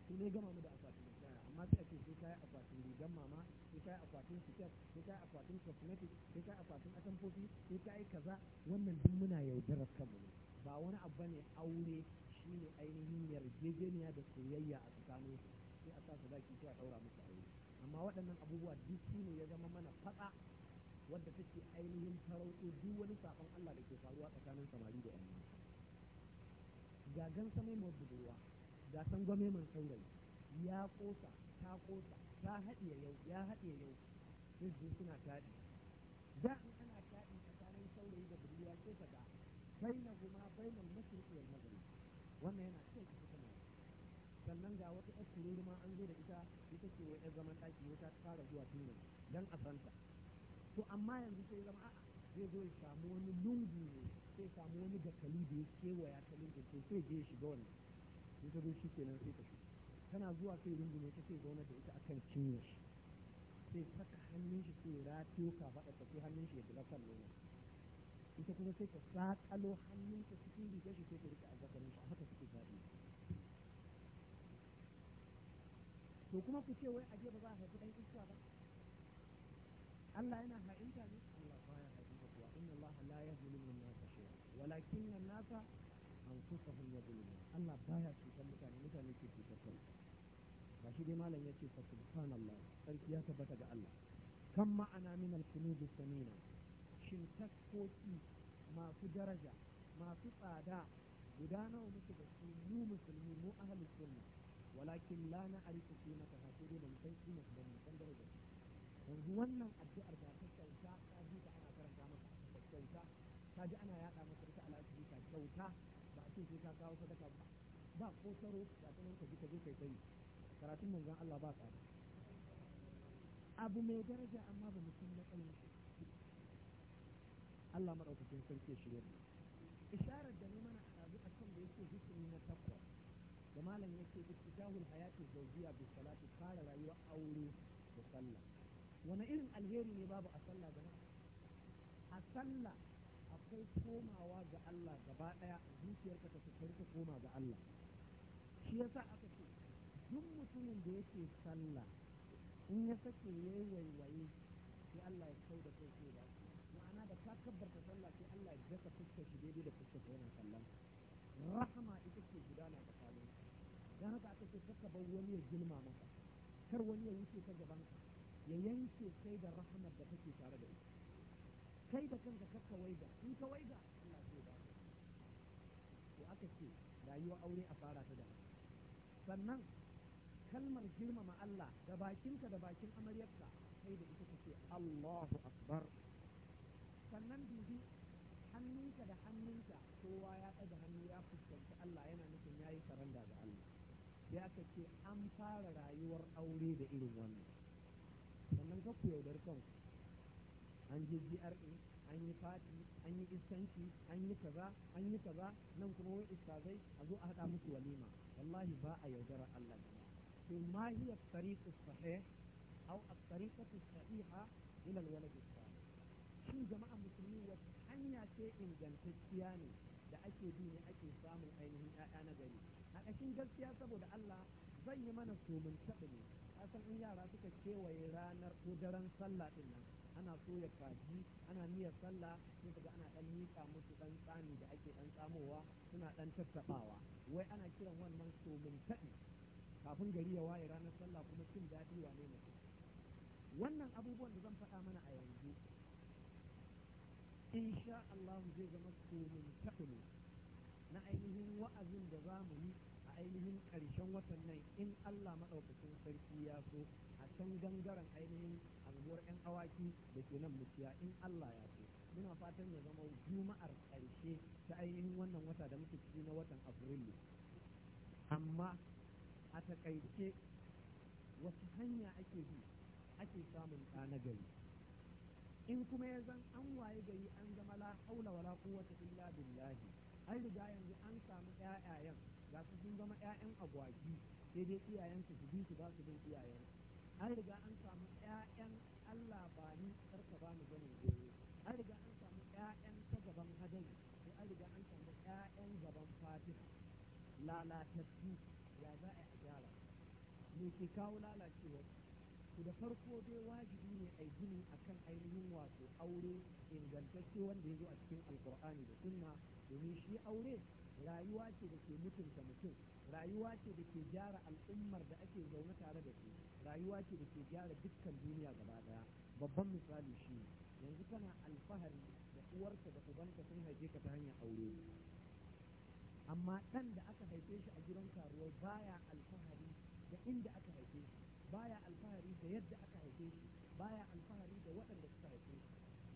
sai ne gama mu da akwatin mai taya amma sai ake sai kayi akwatin rigan mama sai kayi akwatin siket sai kayi akwatin cosmetic sai kayi akwatin atamfofi sai kayi kaza wannan duk muna yaudarar kanmu ba wani abu ne aure ne ainihin yarjejeniya da soyayya a tsakanin sai a sa su zaki sai a daura musu aure amma waɗannan abubuwa duk su ne ya zama mana faɗa wadda take ainihin farauto duk wani sakon Allah da ke faruwa tsakanin samari da yan mata ga gan mai budurwa ga san gwame man saurayi ya kosa ta kosa ta haɗe yau ya haɗe yau sai su suna taɗi da in ana taɗi tsakanin saurayi da budurwa sai ka ga bainahuma bainal mashriqi wal maghrib wannan yana cin kasu kuma sannan ga wata yar tururi ma an zo da ita ita ce wa zaman ɗaki wata fara zuwa tun dan a santa to amma yanzu sai zama a'a zai zo ya samu wani lungu ne sai samu wani dakali da ya kewaya ta lungu to sai je shiga wannan sai ta zo shi kenan sai ta shi tana zuwa sai lungu ne ta sai zauna da ita akan cinya shi sai saka hannun shi sai ratiyo ka faɗa ta sai hannun shi ya shiga kan nonon ita kuma sai ta sakalo hannunta cikin rigar shi sai ka rika azzakarin shi haka suke faɗi to kuma ku ce wai aje ba za a haifi ɗan iska ba Allah yana ha'inta ne Allah baya haifinta kuwa inna Allah la yazlimu an-nasa shay'a walakin an-nasa anfusahum yazlimun Allah baya cuta mutane mutane ke cutar kai ba shi dai malam yace fa subhanallah sarki ya tabbata ga Allah kan ma'ana min al-qulub samina shin taskoki masu daraja masu tsada guda nawa muke da su mu musulmi mu ahalin sunna walakin la na arifu kima ta hakuri da san kima da san daraja yanzu wannan addu'ar da ta kyauta ta ji ta ana karanta maka ta kyauta ta ji ana yada maka ta alaji ta kyauta ba a ce sai ka kawo sadaka ba ba ko saro ba ta nan ka ji ka je kai sai karatun manzon Allah ba ka abu mai daraja amma ba mutum na tsayin Allah maɗaukakin sarki ya shirya da isharar da ne mana a ɗazu a kan da yake hikimi na takwa da malam yake iftitahul hayati zawjiya bi salati fara rayuwar aure da sallah wani irin alheri ne babu a sallah jama'a a sallah akwai komawa ga Allah gaba ɗaya zuciyarka ta ta koma ga Allah shi yasa aka ce duk mutumin da yake sallah in ya sake yayi waiwaye sai Allah ya kau da kai sai da ma'ana da ka kabbarta sallah sai Allah ya jaka fuskar shi daidai da fuskar sa yana kallon rahama ita ce gudana tsakanin dan haka aka ce kaka bar wani ya girma maka kar wani ya wuce ta gaban ka ya yanke kai da rahamar da kake tare da ita kai da kanka kakka waiga in ka waiga Allah zai ba to aka ce rayuwar aure a fara ta da sannan kalmar girmama Allah da bakinka da bakin amaryarka kai da ita kace Allahu akbar sannan dubi hannunka da hannunka kowa ya ɗaga hannu ya fuskanci Allah yana nufin ya yi saranda ga Allah ya aka an fara rayuwar aure da irin wannan sannan ka ku yaudar kanku an je GRA an yi fati an yi iskanci an yi kaza an yi kaza nan kuma wani iskazai a zo a haɗa musu walima wallahi ba a yaudarar Allah da to ma hiya tariqu sahih aw at-tariqatu sahiha ila al-walad shi jama'a musulmi wata hanya ce ingantacciya ne da ake bi ne ake samun ainihin ƴaƴa na gari a ƙashin gaskiya saboda Allah zan yi mana mun taɓa ne kasan in yara suka kewaye ranar ko daren sallah ɗin nan ana soya kaji ana niyyar sallah sai daga ana ɗan miƙa musu ɗan tsami da ake ɗan tsamowa suna ɗan tattaɓawa wai ana kiran wannan mun taɓa kafin gari ya waye ranar sallah kuma cin daɗi wane ne wannan abubuwan da zan faɗa mana a yanzu in sha zai zama komin na ainihin wa'azin da za mu yi a ainihin ƙarshen watan nan in Allah maɗaukacin sarki ya so a can gangaren ainihin anguwar 'yan awaki da ke nan muciya in Allah ya so muna fatan ya zama juma'ar ƙarshe ta ainihin wannan wata da muke ciki na watan afrilu amma a taƙaice wasu hanya ake bi ake samun ɗanagari. in kuma ya zan an waye gari an zama la haula wala quwwata illa billahi an riga yanzu an samu ƴaƴayen ga su sun zama ƴaƴan agwagi sai dai iyayensu su bi su ba su bin iyayen an riga an samu ƴaƴan Allah ba ni karka ba mu zanin goyo an riga an samu ƴaƴan ta gaban hadari sai an riga an samu ƴaƴan gaban fatiha lalatattu ya za a gyara me ke kawo lalacewa da farko dai wajibi ne a gini a kan ainihin wato aure ingantacce wanda ya zo a cikin alkur'ani da sunna domin shi aure rayuwa ce da ke mutunta mutum rayuwa ce da ke gyara al'ummar da ake zaune tare da su rayuwa ce da ke gyara dukkan duniya gaba daya babban misali shi yanzu kana alfahari da uwarka da ubanka sun haife ka ta hanyar aure amma ɗan da aka haife shi a gidan karuwa baya alfahari da inda aka haife shi baya alfahari da yadda aka haife shi baya alfahari da waɗanda suka haife shi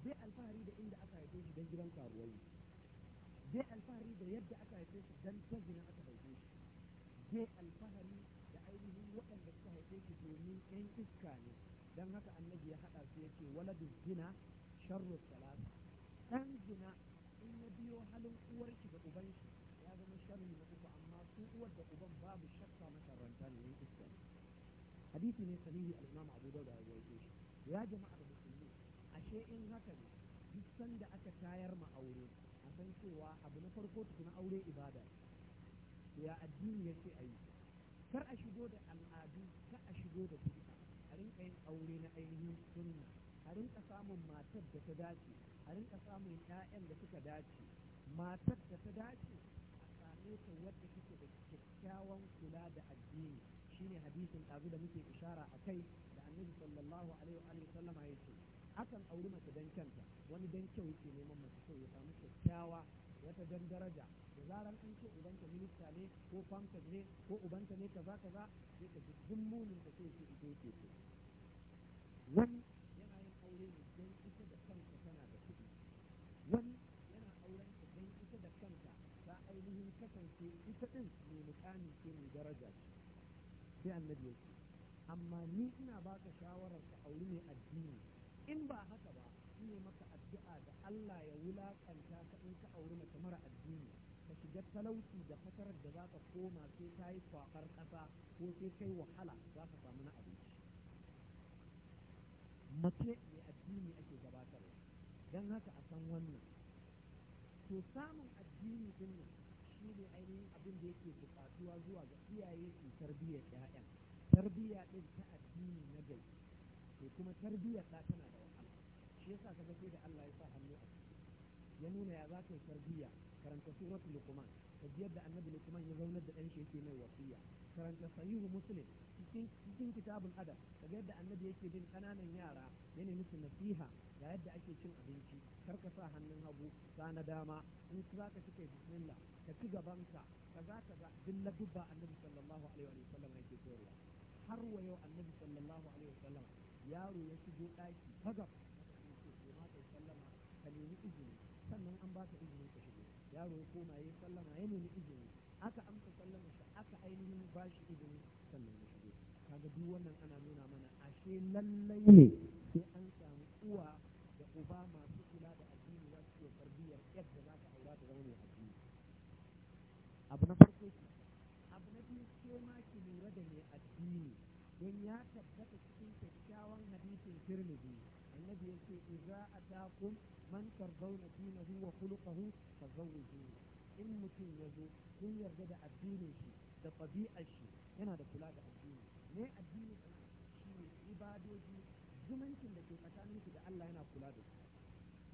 bai alfahari da inda aka haife shi don gidan karuwai bai alfahari da yadda aka haife shi don tazina aka haife shi bai alfahari da ainihin waɗanda suka haife shi domin ɗan iska ne don haka annabi ya haɗa su yake waladin gina sharrus salasa ɗan zina in ya biyo halin uwar shi da uban shi ya zama sharri na uku amma su uwar da uban babu shakka masarranta ne iska ne hadisi ne sahihi al-imam abu dawud ya rawaito shi ya jama'ar musulmi ashe in haka ne duk sanda aka tayar ma aure a cewa abu na farko tukuna aure ibada ya addini yake ayi kar a shigo da al'adu kar a shigo da bid'a a rinka yin aure na ainihin sunna a rinka samun matar da ta dace a rinka samun 'ya'yan da suka dace matar da ta dace a same ta wadda take da kyakkyawan kula da addini shine hadisin ɗazu da muke ishara a kai da annabi sallallahu alaihi wa sallama ya ce akan auri mace dan kanta wani dan kyau yake neman mace kyau ya samu kyakkyawa wata dan daraja da zaran an ce ubanta minista ne ko famta ne ko ubanta ne kaza kaza sai ka ji duk munin da sai ke ido ke wani yana yin aure ne dan ita da kanta tana da kuɗi wani yana auren ta dan ita da kanta ta ainihin kasance ita din mai mukami ce mai daraja ce sai annabi ya ce amma ni ina baka shawarar ka auri mai addini in ba haka ba ne maka addu'a da Allah ya wulakanta ka in ka auri mace mara addini ka shiga talauci da fatarar da za ka koma sai ta yi kwakar ƙasa ko sai kai wahala za ka samu na abinci mace mai addini ake gabatarwa don haka a san wannan to samun addini din nan shi ainihin abin da yake buƙatuwa zuwa ga iyaye su tarbiyyar ƴaƴan tarbiyya ɗin ta addini na gari to kuma tarbiyyar ɗa tana da wahala shi yasa kaga sai da Allah ya sa hannu a ciki ya nuna ya za ka yi tarbiyya karanta suratul luqman يبدأ النبي الإسلامي يقول نبدأ أي شيء في وصية كان صحيح مسلم يمكن كتاب هذا فيبدأ النبي يكتب بين خنان يارا بين المسلم فيها لا يبدأ أي شيء شنع بنتي ترك صاحا من أبو كان داما إن سباك شكي بسم الله كتب بانسا فذاك بلا جبا النبي صلى الله عليه وسلم يكتب سوريا حروا يو النبي صلى الله عليه وسلم يارو يشجو آيكي فقط يقول ما تسلم فليني إذنك sannan an ka izini ka shigo yaro ya koma ya sallama ya nemi izini aka amsa sallama shi aka ainihin bashi izini sannan ya shigo kaga duk wannan ana nuna mana ashe lallai ne sai an samu uwa da uba masu kula da addini za su iya tarbiyyar yadda za ta aura ta zama mai addini abu na farko abu na biyu ke ma ki lura da mai addini don ya tabbata cikin kyakkyawan hadisin tirmidhi annabi yace idza atakum man tarzawna dinahu wa khuluquhu fazawwijuhu in mutum ya zo kun yarda da addinin shi da ɗabi'ar shi yana da kula da addini ne addini shi ne ibadoji zumuncin da ke tsakanin shi da Allah yana kula da su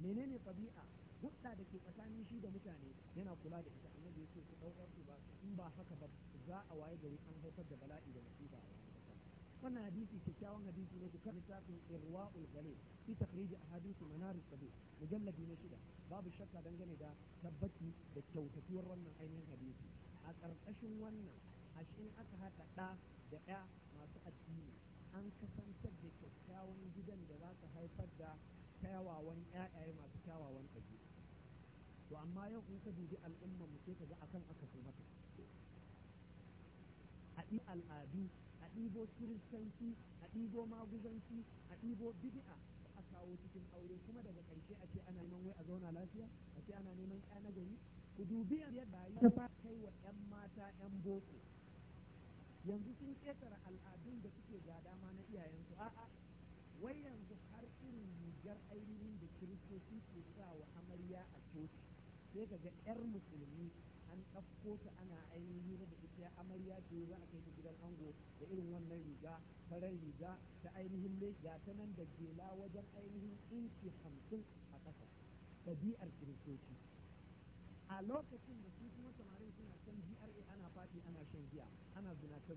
menene ɗabi'a hudda da ke tsakanin shi da mutane yana kula da ita annabi ya ce ku ɗaukar su ba in ba haka ba za a waye gari an haifar da bala'i da musiba ba wannan hadisi kyakkyawan hadisi ne dukkan littafin irwa'ul galil fi takhrij mujalladi na shida babu shakka dangane da tabbaci da kyautatuwar wannan ainihin hadisi a ƙarƙashin wannan ashin aka haɗa da masu addini an kasantar da kyakkyawan gidan da za ka haifar da kyawawan ƴaƴaye masu kyawawan ɗabi'u to amma yau in ka dubi al'ummar mu sai ka ga akan aka fi mata a al'adu a ɗibo kiristanci a ɗibo maguzanci a ɗibo bid'a a kawo cikin aure kuma daga ƙarshe a ce ana neman wai a zauna lafiya a ce ana neman ƴa na gari ku dubi yadda yi ta kai wa ƴan mata ƴan boko yanzu sun ƙetare al'adun da suke gada ma na iyayensu a'a wai yanzu har irin rigar ainihin da kiristoci ke sa wa amarya a coci sai ka ga 'yar musulmi an ɗauko ta ana ainihin da ita amarya ce za a kai ta gidan ango da irin wannan riga farar riga ta ainihin ne ta nan da gela wajen ainihin inci hamsin a ƙasa ɗabi'ar kiristoci a lokacin da su kuma samarin suna can GRA ana fati ana shan giya ana ta zinace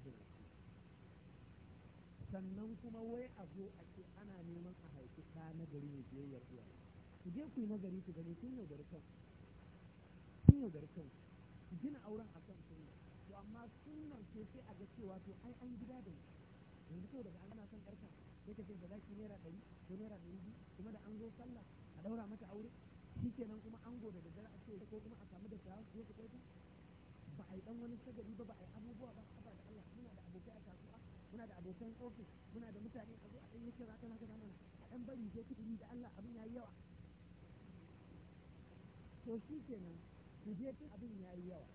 sannan kuma wai a zo a ce ana neman a haifi ta nagari ne mai biyayyar iyaye ku je ku yi nazari ku gani kun yaudari kan kun yaudari kan gina auren a kan sunna to amma sunnan ce sai a ga cewa to ai an gida da ni yanzu ko daga ana son karka sai ka ce da zaki naira ɗari ko naira ɗari biyu kuma da an zo sallah a daura mata aure shi kenan kuma an da dare a ce ko kuma a samu da shawar ko ta ba a yi dan wani sagari ba ba a yi abubuwa ba haka da Allah muna da abokai a kasuwa muna da abokan ofis muna da mutane a zo a ɗan yi kira kana kana mana a ɗan bari sai kuɗi da Allah abin ya yawa to shi kenan ku je cin abin ya yi yawa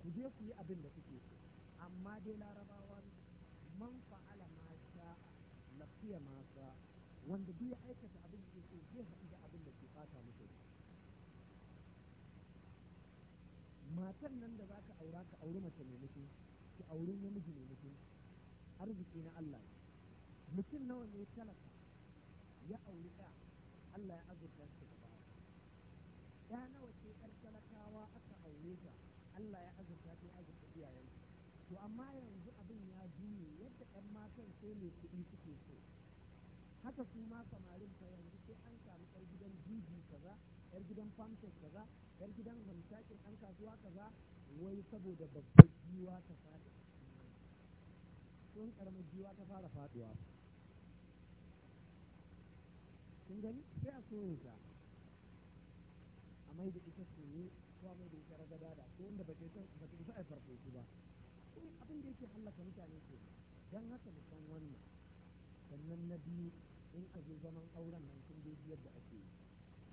ku je ku yi abin da kuke so amma dai larabawa man fa'ala ma sha lafiya ma sha wanda duk ya aikata abin da yake zai haɗu da abin da ke fata musu matan nan da za ka aura ka auri mace mai mutu ki auri namiji mai mutu arziki na Allah mutum nawa ne talaka ya auri ɗa Allah ya azurta shi gaba ɗaya nawa talakawa aka aure ta Allah ya azurta ta azurta iyayen to amma yanzu abin ya juye yadda ɗan matan sai mai kuɗi suke so haka su ma samarin fa yanzu sai an samu ɗan gidan jiji kaza ɗan gidan famsek kaza ɗan gidan hamsakin ɗan kasuwa kaza wai saboda babbar jiwa ta fada tun karamar jiwa ta fara faɗuwa kun gani sai a so mai da ita soye ko da ita ragada da ko wanda ba ta isa a farfesu ba irin abin da yake hallaka mutane ke don haka mu san wannan sannan na biyu in ka je zaman auren nan kun dai yadda ake yi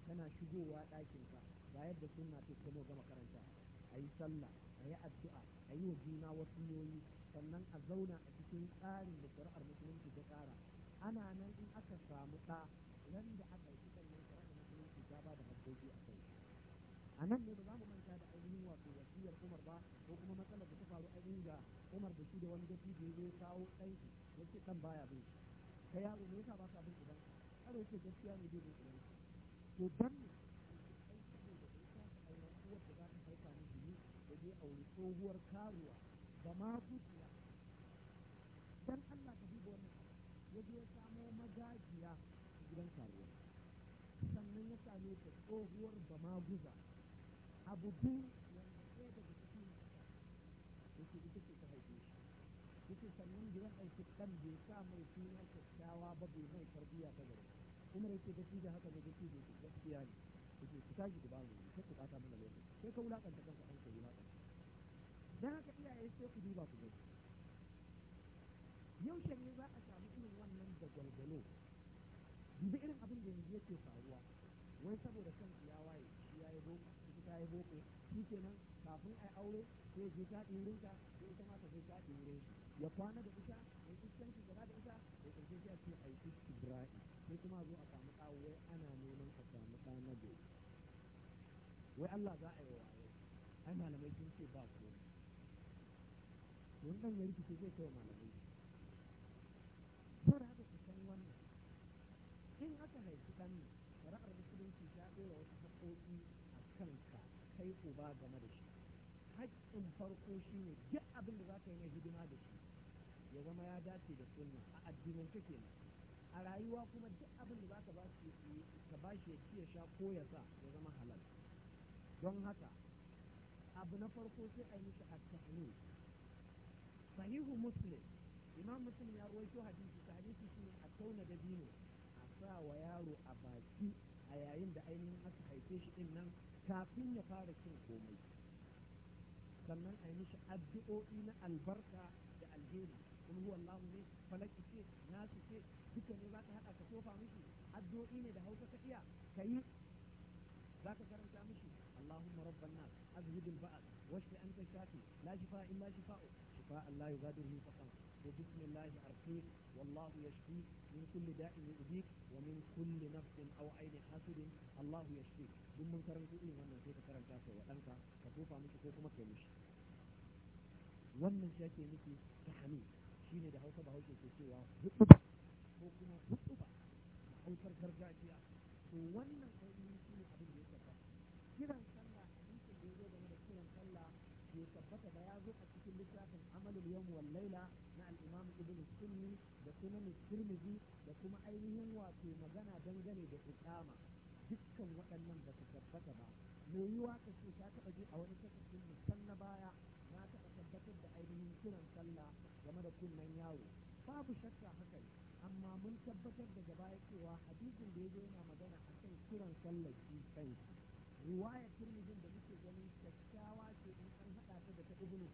kana shigowa ɗakin ka ga yadda sunna ko kuma ga makaranta a yi sallah a yi addu'a a yi wa juna wasiyoyi sannan a zauna a cikin tsarin da shari'ar musulunci ta tsara ana nan in aka samu ɗa wanda aka yi sannan shari'ar musulunci ta ba da haƙƙoƙi a kai a nan ne ba za mu manta da ainihin wato wasiyar umar ba ko kuma matsalar da ta faru ainihin ga umar da shi da wani da ya zo kawo ɗan shi ya ce ɗan baya bin shi ka yaro ne yasa ba ka bin uban har yake gaskiya ne bai bin uban to dan ne ai da za ta haifa da ne da zai aure tsohuwar karuwa da ma zuciya dan Allah ka duba wannan ya je ya samo magajiya gidan karuwa sannan ya same ta tsohuwar ma maguza abu biyu yake sannan da bai sa mai suna kyakkyawa ba bai mai tarbiyya ta gari kuma yake da haka da da gaskiya ne yake tashi bamu ne ku mana sai ka kanka an kai dan haka iyaye sai ku duba ku gani yaushe ne za a samu irin wannan da gwalgwalo dubi irin abin da yake faruwa wai saboda kan ya waye boko ta yi boko shi kenan kafin ai aure sai je ta ɗirin ta sai ita ma ta je ta ɗirin ya kwana da ita ya iskanci gaba da ita ya ƙarshe sai a ce ai istibra'i sai kuma zo a samu ɗa wai ana neman a samu ɗa na gobe wai Allah za a yi wa ai malamai sun ce ba ko wannan ya rikice zai kai malamai saboda haka ku san wannan in aka haifi ɗan ne shari'ar musulunci ta ɗora wasu haƙoƙi kanka kai uba game da shi haƙƙin farko shine duk abin da za ka yi na hidima da shi ya zama ya dace da sunna a addinance ne a rayuwa kuma duk abin da za ka ba shi ka ba shi ya ci ya sha ko ya sa ya zama halal don haka abu na farko sai a yi mishi a tahni sahihu muslim imam muslim ya rawaito hadisi ta hadisi shine a tauna da dino a sa wa yaro a baki a yayin da ainihin aka haife shi din nan kafin ya fara cin komai sannan a yi mishi addu'o'i na albarka da alheri kun huwa Allah ne falaki ce nasu ce duka ne za ka haɗa ka tofa mishi addu'o'i ne da hausa ka iya ka yi za ka karanta mishi Allahumma rabban nas azhidil ba'as washfi anta shafi la shifa illa shifa'u شفاء لا يغادره سقما وبسم الله أرقيك والله يشفيك من كل داء يؤذيك ومن كل نفس أو عين حاسد الله يشفيك دون من كرم تؤلم من كيف كرم تاسو وأنت كفوفا مش كوكما كمش wannan shi ake nufi ta hannu shi ne da hausa ba hausa ke cewa hutuba ko kuma hutuba hausar gargajiya to wannan abin da ya bai tabbata da ya zo a cikin littafin amalul yawm wal na al-imam ibn da sunan tirmidhi da kuma ainihin wato magana dangane da iqama dukkan waɗannan ba su tabbata ba mai yiwa ka ce ta taɓa je a wani kasashen musan na baya na taɓa tabbatar da ainihin kiran sallah game da kunnen yawo babu shakka haka amma mun tabbatar daga baya cewa hadisin da ya zo yana magana akan kiran sallar shi kanshi riwayar turmijin da muke ganin kyakkyawa ce in an da ta ibnu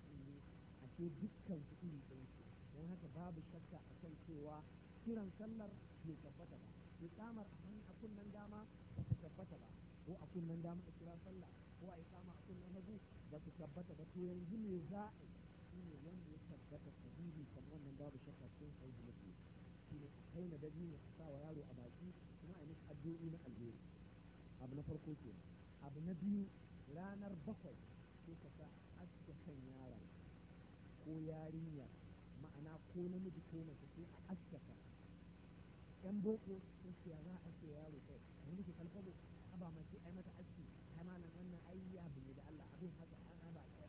a ce dukkan su iri ɗaya ce don haka babu shakka a kan cewa kiran sallar bai tabbata ba iqamar a hannun a kunnen dama ba tabbata ba ko a kunnen dama a kira sallah ko a iqama a kunnen hagu ba ta tabbata ba to yanzu me za a shi ne wanda ya tabbata sahihi kan wannan babu shakka cikin sahihi mutum shi ne a kai na dabi ne a sa wa yaro a baki kuma a yi mishi addu'o'i na alheri abu na farko ke abu na biyu ranar bakwai sai ka sa aske kan yaron ko yarinya ma'ana ko namiji ko mace sai a aske kan yan boko sun ce ya za a ce yaro kai a miki a ba mace ai mata aski kananan wannan ai ya ne da Allah abin haka an ka kai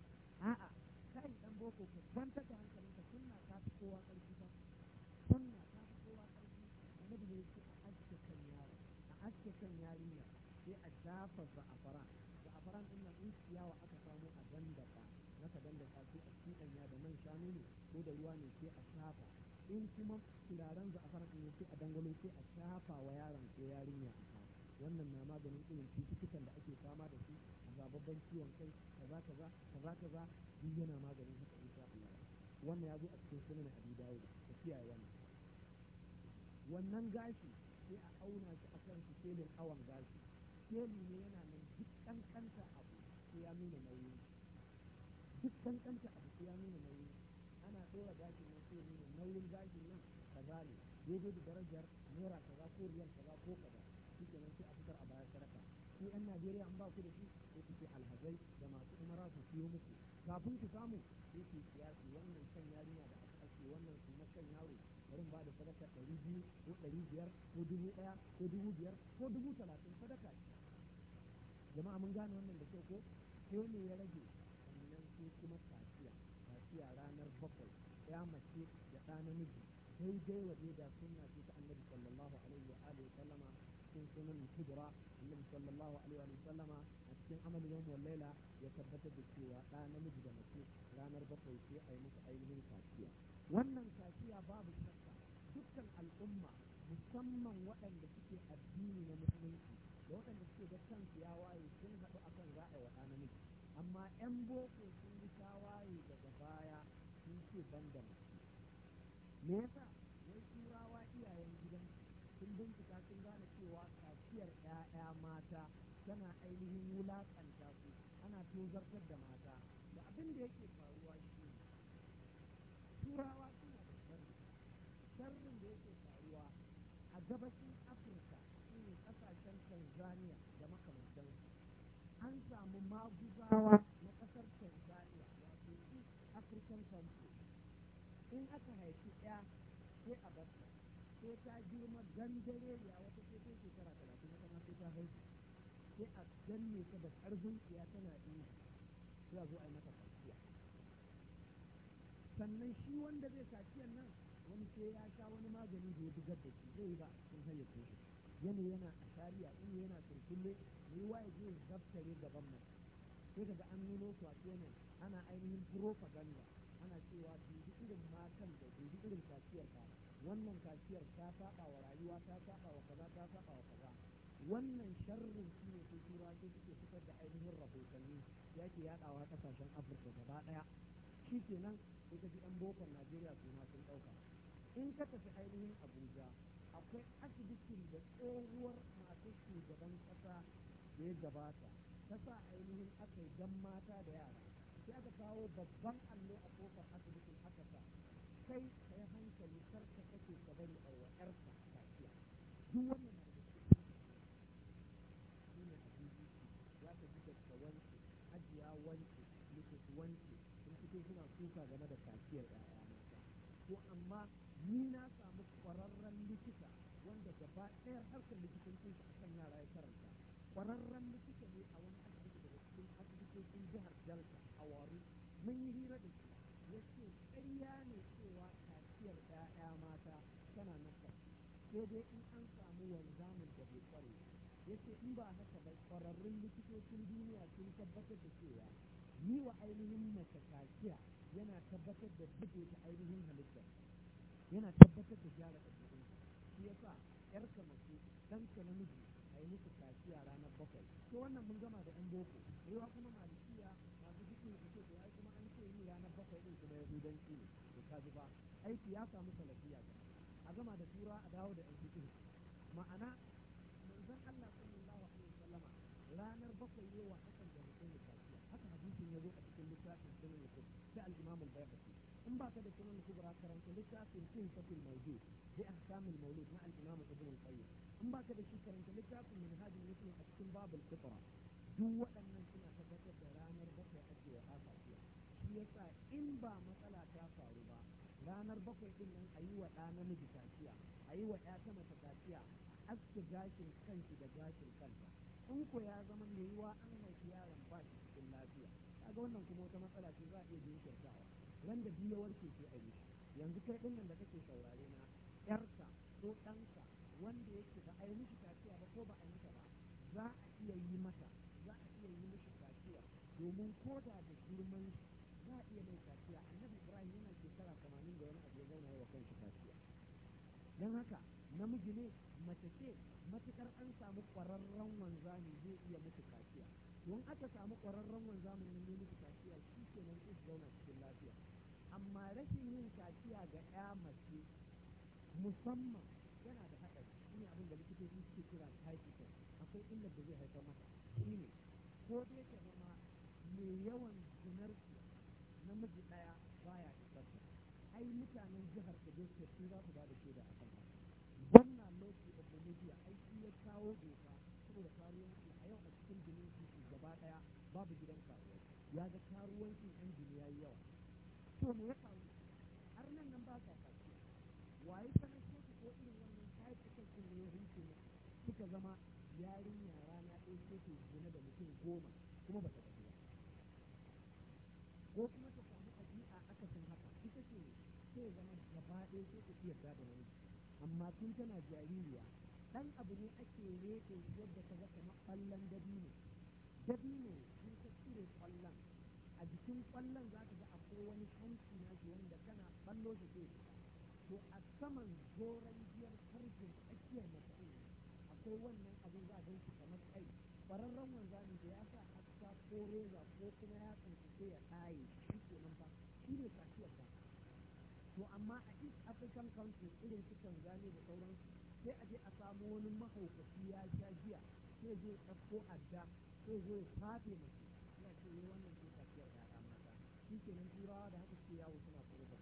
a'a kai dan boko ko ban da hankalin ka sunna ta fi kowa karfi ba sunna ta fi kowa karfi annabi ne ce a aske kan yaro a aske kan yarinya sai a dafa a za'afaran din nan in ciyawa aka dandaka na ka dandaka sai a cuɗanya da man shanu ne ko da ruwa ne sai a shafa in kuma turaren za a fara ne sai a dangwalo sai a shafa wa yaron ko yarinya a wannan na maganin irin cututtukan da ake fama da su a zababban ciwon kai ka kaza kaza kaza duk yana maganin haka sha Allah wannan ya zo a cikin sunan Abi Dawud ka kiyaye wannan wannan gashi sai a auna shi a kan sikelin awon gashi sikeli ne yana nan duk kankanta abu sai ya nuna nauyin duk kankanta a ya nuna nauyi ana ɗora gashin nan sai nuna nauyin gashin nan kaza ne daidai da darajar naira kaza ko riyal kaza ko kaza shi nan sai a fitar a baya sadaka shi yan Najeriya an ba ku da shi ko kuke alhazai da masu umara su siyo muku kafin ku samu sai ku kiyasi wannan kan yarinya da aka ake wannan su na kan yaro bari ba da sadaka ɗari biyu ko ɗari biyar ko dubu ɗaya ko dubu biyar ko dubu talatin sadaka jama'a mun gane wannan da kyau ko sai ne ya rage sai kuma kaciya kaciya ranar bakwai ya mace da ɗa namiji daidai wa da sunna ce ta annabi sallallahu alaihi wa alihi sallama cikin sunan kubra annabi sallallahu alaihi wa sallama a cikin amalin yawmul laila ya tabbatar da cewa ɗa namiji da mace ranar bakwai sai a yi musu ainihin kaciya wannan kaciya babu shakka dukkan al'umma musamman waɗanda suke addini na musulunci da waɗanda suke da kansu ya waye sun haɗu akan ra'ayi wa ɗa namiji amma 'yan boko sun yi tawaye daga baya sun ce ban da mace me yasa wai turawa iyayen gidan sun bincika sun gane cewa kaciyar 'ya'ya mata tana ainihin wulaƙanta su ana tozartar da mata da abin da yake faruwa shi turawa suna da sharri sharrin da yake faruwa a gabashin afirka shine ƙasashen tanzania samu maguzawa na ƙasar tanzania wato east african country in aka haifi ɗaya sai a barta sai ta girma gangare ya wata sai ta shekara talatin wata ma sai ta haihu sai a danne ta da ƙarfin ya tana ɗaya sai a zo mata kaciya sannan shi wanda zai kaciyan nan wani sai ya sha wani magani da ya bugar da shi zai ba sun hayyace shi yana yana ashariya in yana turkulle yiwuwa ya zai zaftare gaban mu sai daga an nuno su a kenan ana ainihin propaganda ana cewa dubi irin matan da dubi irin kaciyar ka wannan kaciyar ta saba wa rayuwa ta saba wa kaza ta saba wa kaza wannan sharrin shi ne sai tura sai suke fitar da ainihin rahotanni ya ke yadawa kasashen afirka gaba daya shi kenan sai ka ji dan bokon najeriya su ma sun dauka in ka tafi ainihin abuja akwai asibitin da tsohuwar masu shugaban kasa da ya gabata ta sa ainihin aka yi dan mata da yara sai aka kawo babban allo a kofar asibitin aka sa kai ka yi hankali kar ka kake ka bari a wa ƴarka kafiya duk wannan na da shi ne abinci za ka ji da wanke ajiya wanke likit wanke sun fito suna kuka game da kafiyar ƴaƴa mata ko amma ni na samu ƙwararren likita wanda gaba ɗaya harkar likitancin a kan yara ya karanta kwararren likita ne a wani asibiti daga cikin asibitocin jihar delta a waru mun yi hira da shi ya ce ƙarya ne cewa kaciyar ‘ya'ya mata tana nasa sai dai in an samu wanzamin da bai kware ya ce in ba haka ba kwararrun likitocin duniya sun tabbatar da cewa yi wa ainihin mace kaciya yana tabbatar da buge ta ainihin halittar yana tabbatar da gyara ɗabi'unta shi yasa ‘yarka mace ɗanka namiji a yi musu kaciya ranar bakwai to wannan mun gama da yan boko rewa kuma malikiya masu jikin da ce ai kuma an ce yi ranar bakwai din kuma yahudanci ne to ka ji ba aiki ya samu salafiya ga a gama da tura a dawo da yan jikin ma'ana manzon Allah sallallahu alaihi sallama ranar bakwai yawa hakan da mutum ya kaciya haka hadisin ya zo a cikin littafin sunan mutum da al-imam al-bayhaqi in ba ka da sunan kubra karanta littafin sun fatil mawdu bi ahkamil mawlud na al-imam ibn al-qayyim in ka da shi karanta littafin manhajin muslim a cikin babul fitra duk waɗannan suna tabbatar da ranar bakwai ake wa tafafiya shi yasa in ba matsala ta faru ba ranar bakwai din nan a yi wa ɗa namiji tafiya. a yi wa ɗa ta mace tafiya. aske gashin kanki da gashin kanta in ko ya zama mai yiwa an haifi yaron ba shi cikin lafiya ga wannan kuma wata matsala ce za a iya jinkirtawa ran da biyawar ke ke a yanzu kai ɗin nan da kake saurare na 'yarka ko ɗanka wanda yake ba a yi mishi kaciya ba ko ba a yi ba za a iya yi mata za a iya yi mishi kaciya domin ko da da girman za a iya mai kaciya annabi ibrahim yana shekara tamanin da wani abu ya zauna wa kanshi kaciya don haka namiji ne mace ce matukar an samu ƙwararren wanzami zai iya mutu kaciya don aka samu ƙwararren wanzami ne mutu kaciya shi ke nan zai zauna cikin lafiya amma rashin yin kaciya ga ya mace musamman yana da shine abin da likitoci suke kira typhoid akwai illar da zai haifar mata ne ko da yake zama mai yawan na namiji daya baya isarta ai mutanen jihar Kaduna su za su ba da shaida a kan wannan lokaci da Bolivia ai shi ya kawo doka saboda karuwanci a yau a cikin jinin su gaba daya babu gidan karuwa ya ga karuwancin yan jini yayi yawa to me ya faru har nan nan ba sa kasuwa waye suka zama yarinya rana ɗaya sai ke da mutum goma kuma ba ta tafi ba ko kuma ta samu ɗabi'a aka san haka ita ce ta zama gaba ɗaya sai ta iya da wani amma tun tana jaririya ɗan abu ne ake rete yadda ta ga kamar ƙwallon dabino dabino sun ta cire ƙwallon a jikin ƙwallon za ka ga akwai wani hanci na shi wanda kana ƙwallo shi ke to a saman goron biyar harshen tsakiyar mata akwai wannan abin za a gan kamar kai ƙwararren wanzami da ya sa hatta ko roba ko kuma ya tsanci sai ya tsaye shi ke nan ba shi ne kasuwar ba to amma a east african country irin su tanzania da sauransu sai a je a samu wani mahaukaci ya sha jiya sai zo ya ɗauko adda sai zo ya fafe mace ya ce wannan ce kasuwar ya'ya mata shi ke nan turawa da haka suke yawo suna kuma da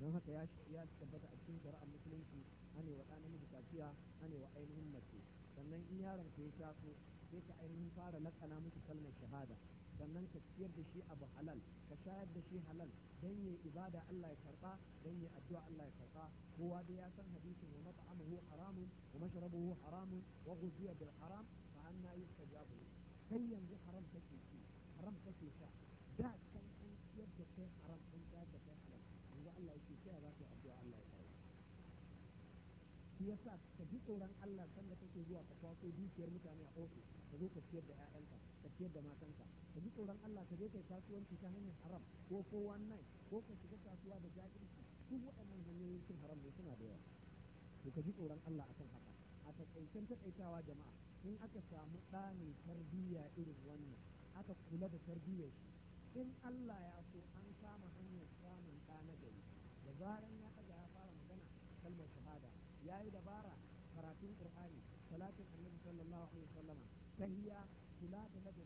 don haka ya ya tabbata a cikin shari'ar musulunci ane wa ɗa namiji kaciya ane wa ainihin mace sannan in yaron ka ya ko sai ka ainihin fara lakana miki kalmar shahada sannan ka ciyar da shi abu halal ka shayar da shi halal dan yi ibada Allah ya karba dan yi addu'a Allah ya karba kowa da ya san hadisin wa mat'amuhu haramun wa mashrabuhu haramun wa ghudiya bil haram fa anna yustajabu kai yanzu haram kake ci haram kake sha da kan ciyar da kai haram an shayar da kai halal Allah yake cewa za ka addu'a Allah ya karɓa shi yasa ka ji tsoron Allah sanda kake zuwa ka kwaso dukiyar mutane a ofis ka zo ka ciyar da 'ya'yanka ka ciyar da matanka ka ji tsoron Allah ka je kai kasuwanci ta hanyar haram ko ko wannan ko ka shiga kasuwa da jahilci duk waɗannan hanyoyin cin haram ne suna da yawa to ka ji tsoron Allah akan haka a takaicen takaitawa jama'a in aka samu ɗa mai tarbiyya irin wannan aka kula da tarbiyyar shi in Allah ya so an kama hanyar samun ɗa na gari da zaran ya ɗaga ya fara magana kalmar shahada ya yi dabara karatun qur'ani salatin annabi sallallahu alaihi wasallam tahiyya kula da ladabi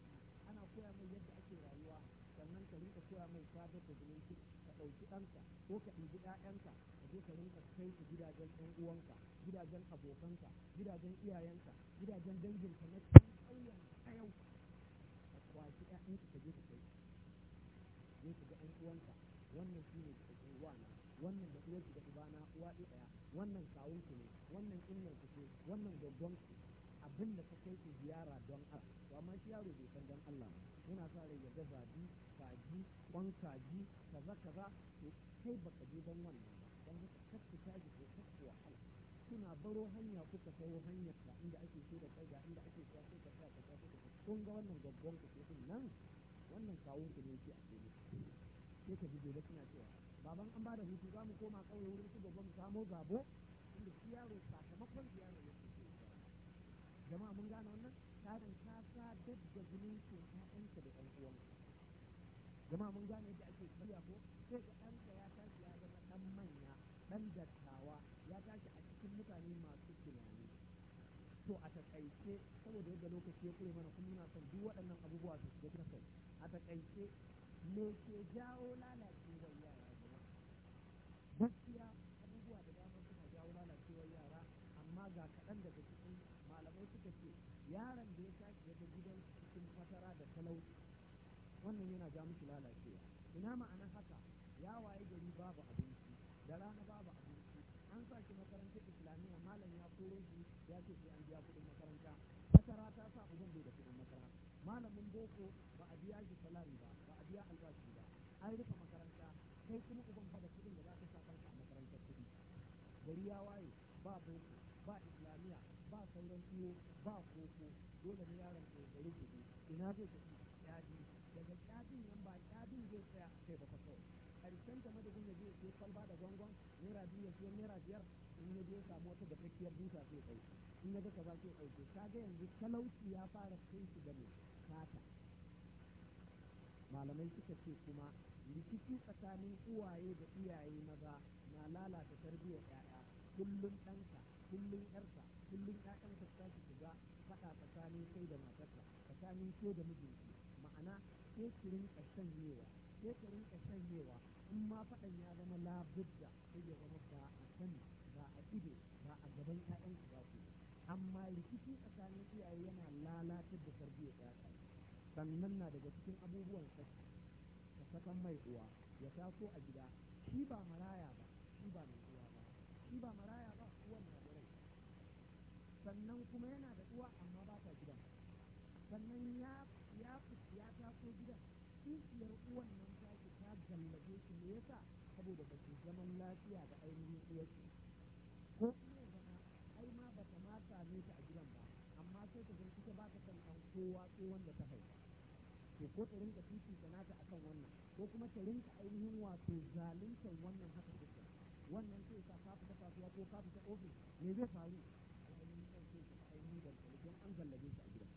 ana koya mai yadda ake rayuwa sannan ka rinka koya mai sadar da zumunci ka ɗauki danka ko ka ɗauki ɗayanka ka je ka rinka kai ka gidajen ɗan uwanka gidajen abokanka gidajen iyayenka gidajen danginka na cikin ƙauyen a yau ka kwashi ɗayanka ka je ka kai je ka ga ɗan uwanka wannan shine ne wa na wannan da uwarki da ubana uwa ɗaya wannan kawun ne wannan inna ku ce wannan gaggon ku abin da ka kai ziyara don Allah to amma shi yaro bai san don Allah yana sa rai ya ga zabi kaji kwan kaji kaza kaza to kai baka je don wannan ba don haka kakki tashi ko kakki wahala kuna baro hanya kuka sayo hanyar da inda ake so da kai inda ake so sai ka sa ka sa kun ga wannan gaggon ku ce nan wannan kawun ku ne ke a cikin sai ka ji gobe suna cewa baban an bada hutu za mu koma kauye wurin su gobe mu samo gabo inda shi yaro sakamakon ziyarar ya ce jama'a mun gane wannan tarin sa duk da zumuncin ƴaƴanka da ƴan uwanka jama'a mun gane yadda ake karya ko sai ga ɗanka ya tashi ya zama ɗan manya ɗan dattawa ya tashi a cikin mutane masu tunani to a taƙaice saboda yadda lokaci ya kure mana kuma muna son duk waɗannan abubuwa su shiga kai a takaice me ke jawo lalacewar yara gaskiya abubuwa da dama suna jawo lalacewar yara amma ga kaɗan daga cikin malamai suka ce yaron da ya tashi daga gidan cikin fatara da talauci wannan yana ja musu lalacewa ina ma'anar haka ya waye gari babu abinci da rana babu abinci an sa shi makarantar islamiyya malam ya koro shi ya ce sai an biya kuɗin makaranta fatara ta sa uban bai da kuɗin makaranta malamin boko ba a biya shi salari ba biya albashi ba an rufe makaranta kai kuma uban da kuɗin da za ka sa kanka a makarantar kuɗi gari ya waye ba boko ba islamiya ba sauran tuwo ba koko dole ne yaron ke da rubutu ina zai tafi yadi daga yadin nan ba yadin zai tsaya kai ba fa kawai karshen ta madadin ya je ya kwalba da gwangwan naira biyu ya siya naira biyar in ya je ya samu wata dakakkiyar dusa sai ɗauki in ya ga kaza sai ɗauki ga yanzu talauci ya fara kai su da mai kata malamai suka ce kuma rikici tsakanin uwaye da iyaye maza na lalata tarbiyyar yaya kullum ɗanka kullum ƴarsa kullum ƴaƴanka su tashi shiga faɗa tsakanin kai da matarsa tsakanin ke da mijinki ma'ana ke ki rinka shanyewa ke ki rinka shanyewa in ma faɗan ya zama labudda sai ya zama ba a sani ba a ido ba a gaban ƴaƴanka ba ku amma rikici tsakanin iyaye yana lalatar da tarbiyyar ƴaƴa sannan na daga cikin abubuwan saki da sakan mai uwa ya taso a gida shi ba maraya ba shi ba mai uwa ba shi ba maraya ba uwan na da rai sannan kuma yana da uwa amma ba ta gidan sannan ya ya ya taso gidan kishiyar uwan nan ta ke, ta gallabe shi ya yasa saboda ba su zaman lafiya da ainihin uwarki ko kuma zama ai ma ba ta ma same ta a gidan ba amma sai ta zai ita ba ta san an kowa ko wanda ta haifa to ko ta rinka fifita nata akan wannan ko kuma ta rinka ainihin wato zaluntar wannan haka kuka wannan sai ka kafa ta kasuwa ko kafa ta ofis me zai faru ainihin kan sai ainihin don an gallabe shi a gida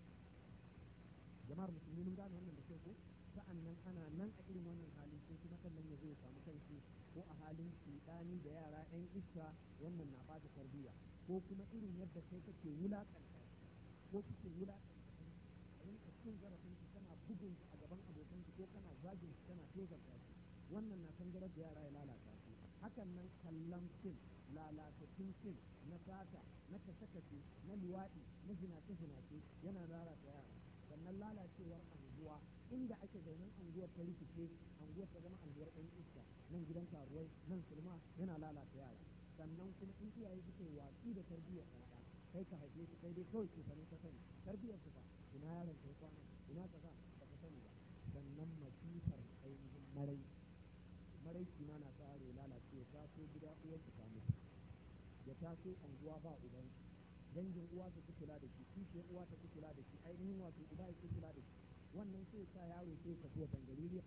jama'ar musulmi mun gane wannan da ke ko sa'an nan ana nan a irin wannan hali sai kuma sannan ya zai samu kanshi ko a halin shiɗani da yara 'yan iska wannan na ba da tarbiyya ko kuma irin yadda kai kake wulaƙanta ko kake wulaƙanta a yanka cin zarafin bugun a gaban abokan ko kana zagin kana tozarta shi wannan na tangarar da yara ya lalata su hakan nan kallon fim lalatattun fim na sata na kashe-kashe na luwaɗi na zinace-zinace yana lalata yara sannan lalacewar anguwa inda ake zaunin anguwar ta rikice anguwar ta zama anguwar ɗan iska nan gidan taruwai nan sulma yana lalata yara sannan kuma in iyaye suke watsi da tarbiyyar ɗanɗa kai ka haife su kai dai kawai ke sanin ta sani tarbiyyar su ba ina yaron kai kwana ina wannan masifar ainihin marai marai kima na sa aro lalace ya taso gida uwar ta samu ya taso anguwa ba uban dangin uwa ta kula da shi kishiyar uwa ta kula da shi ainihin wato uba ya kula da shi wannan sai sa yaro sai ka zuwa dangariri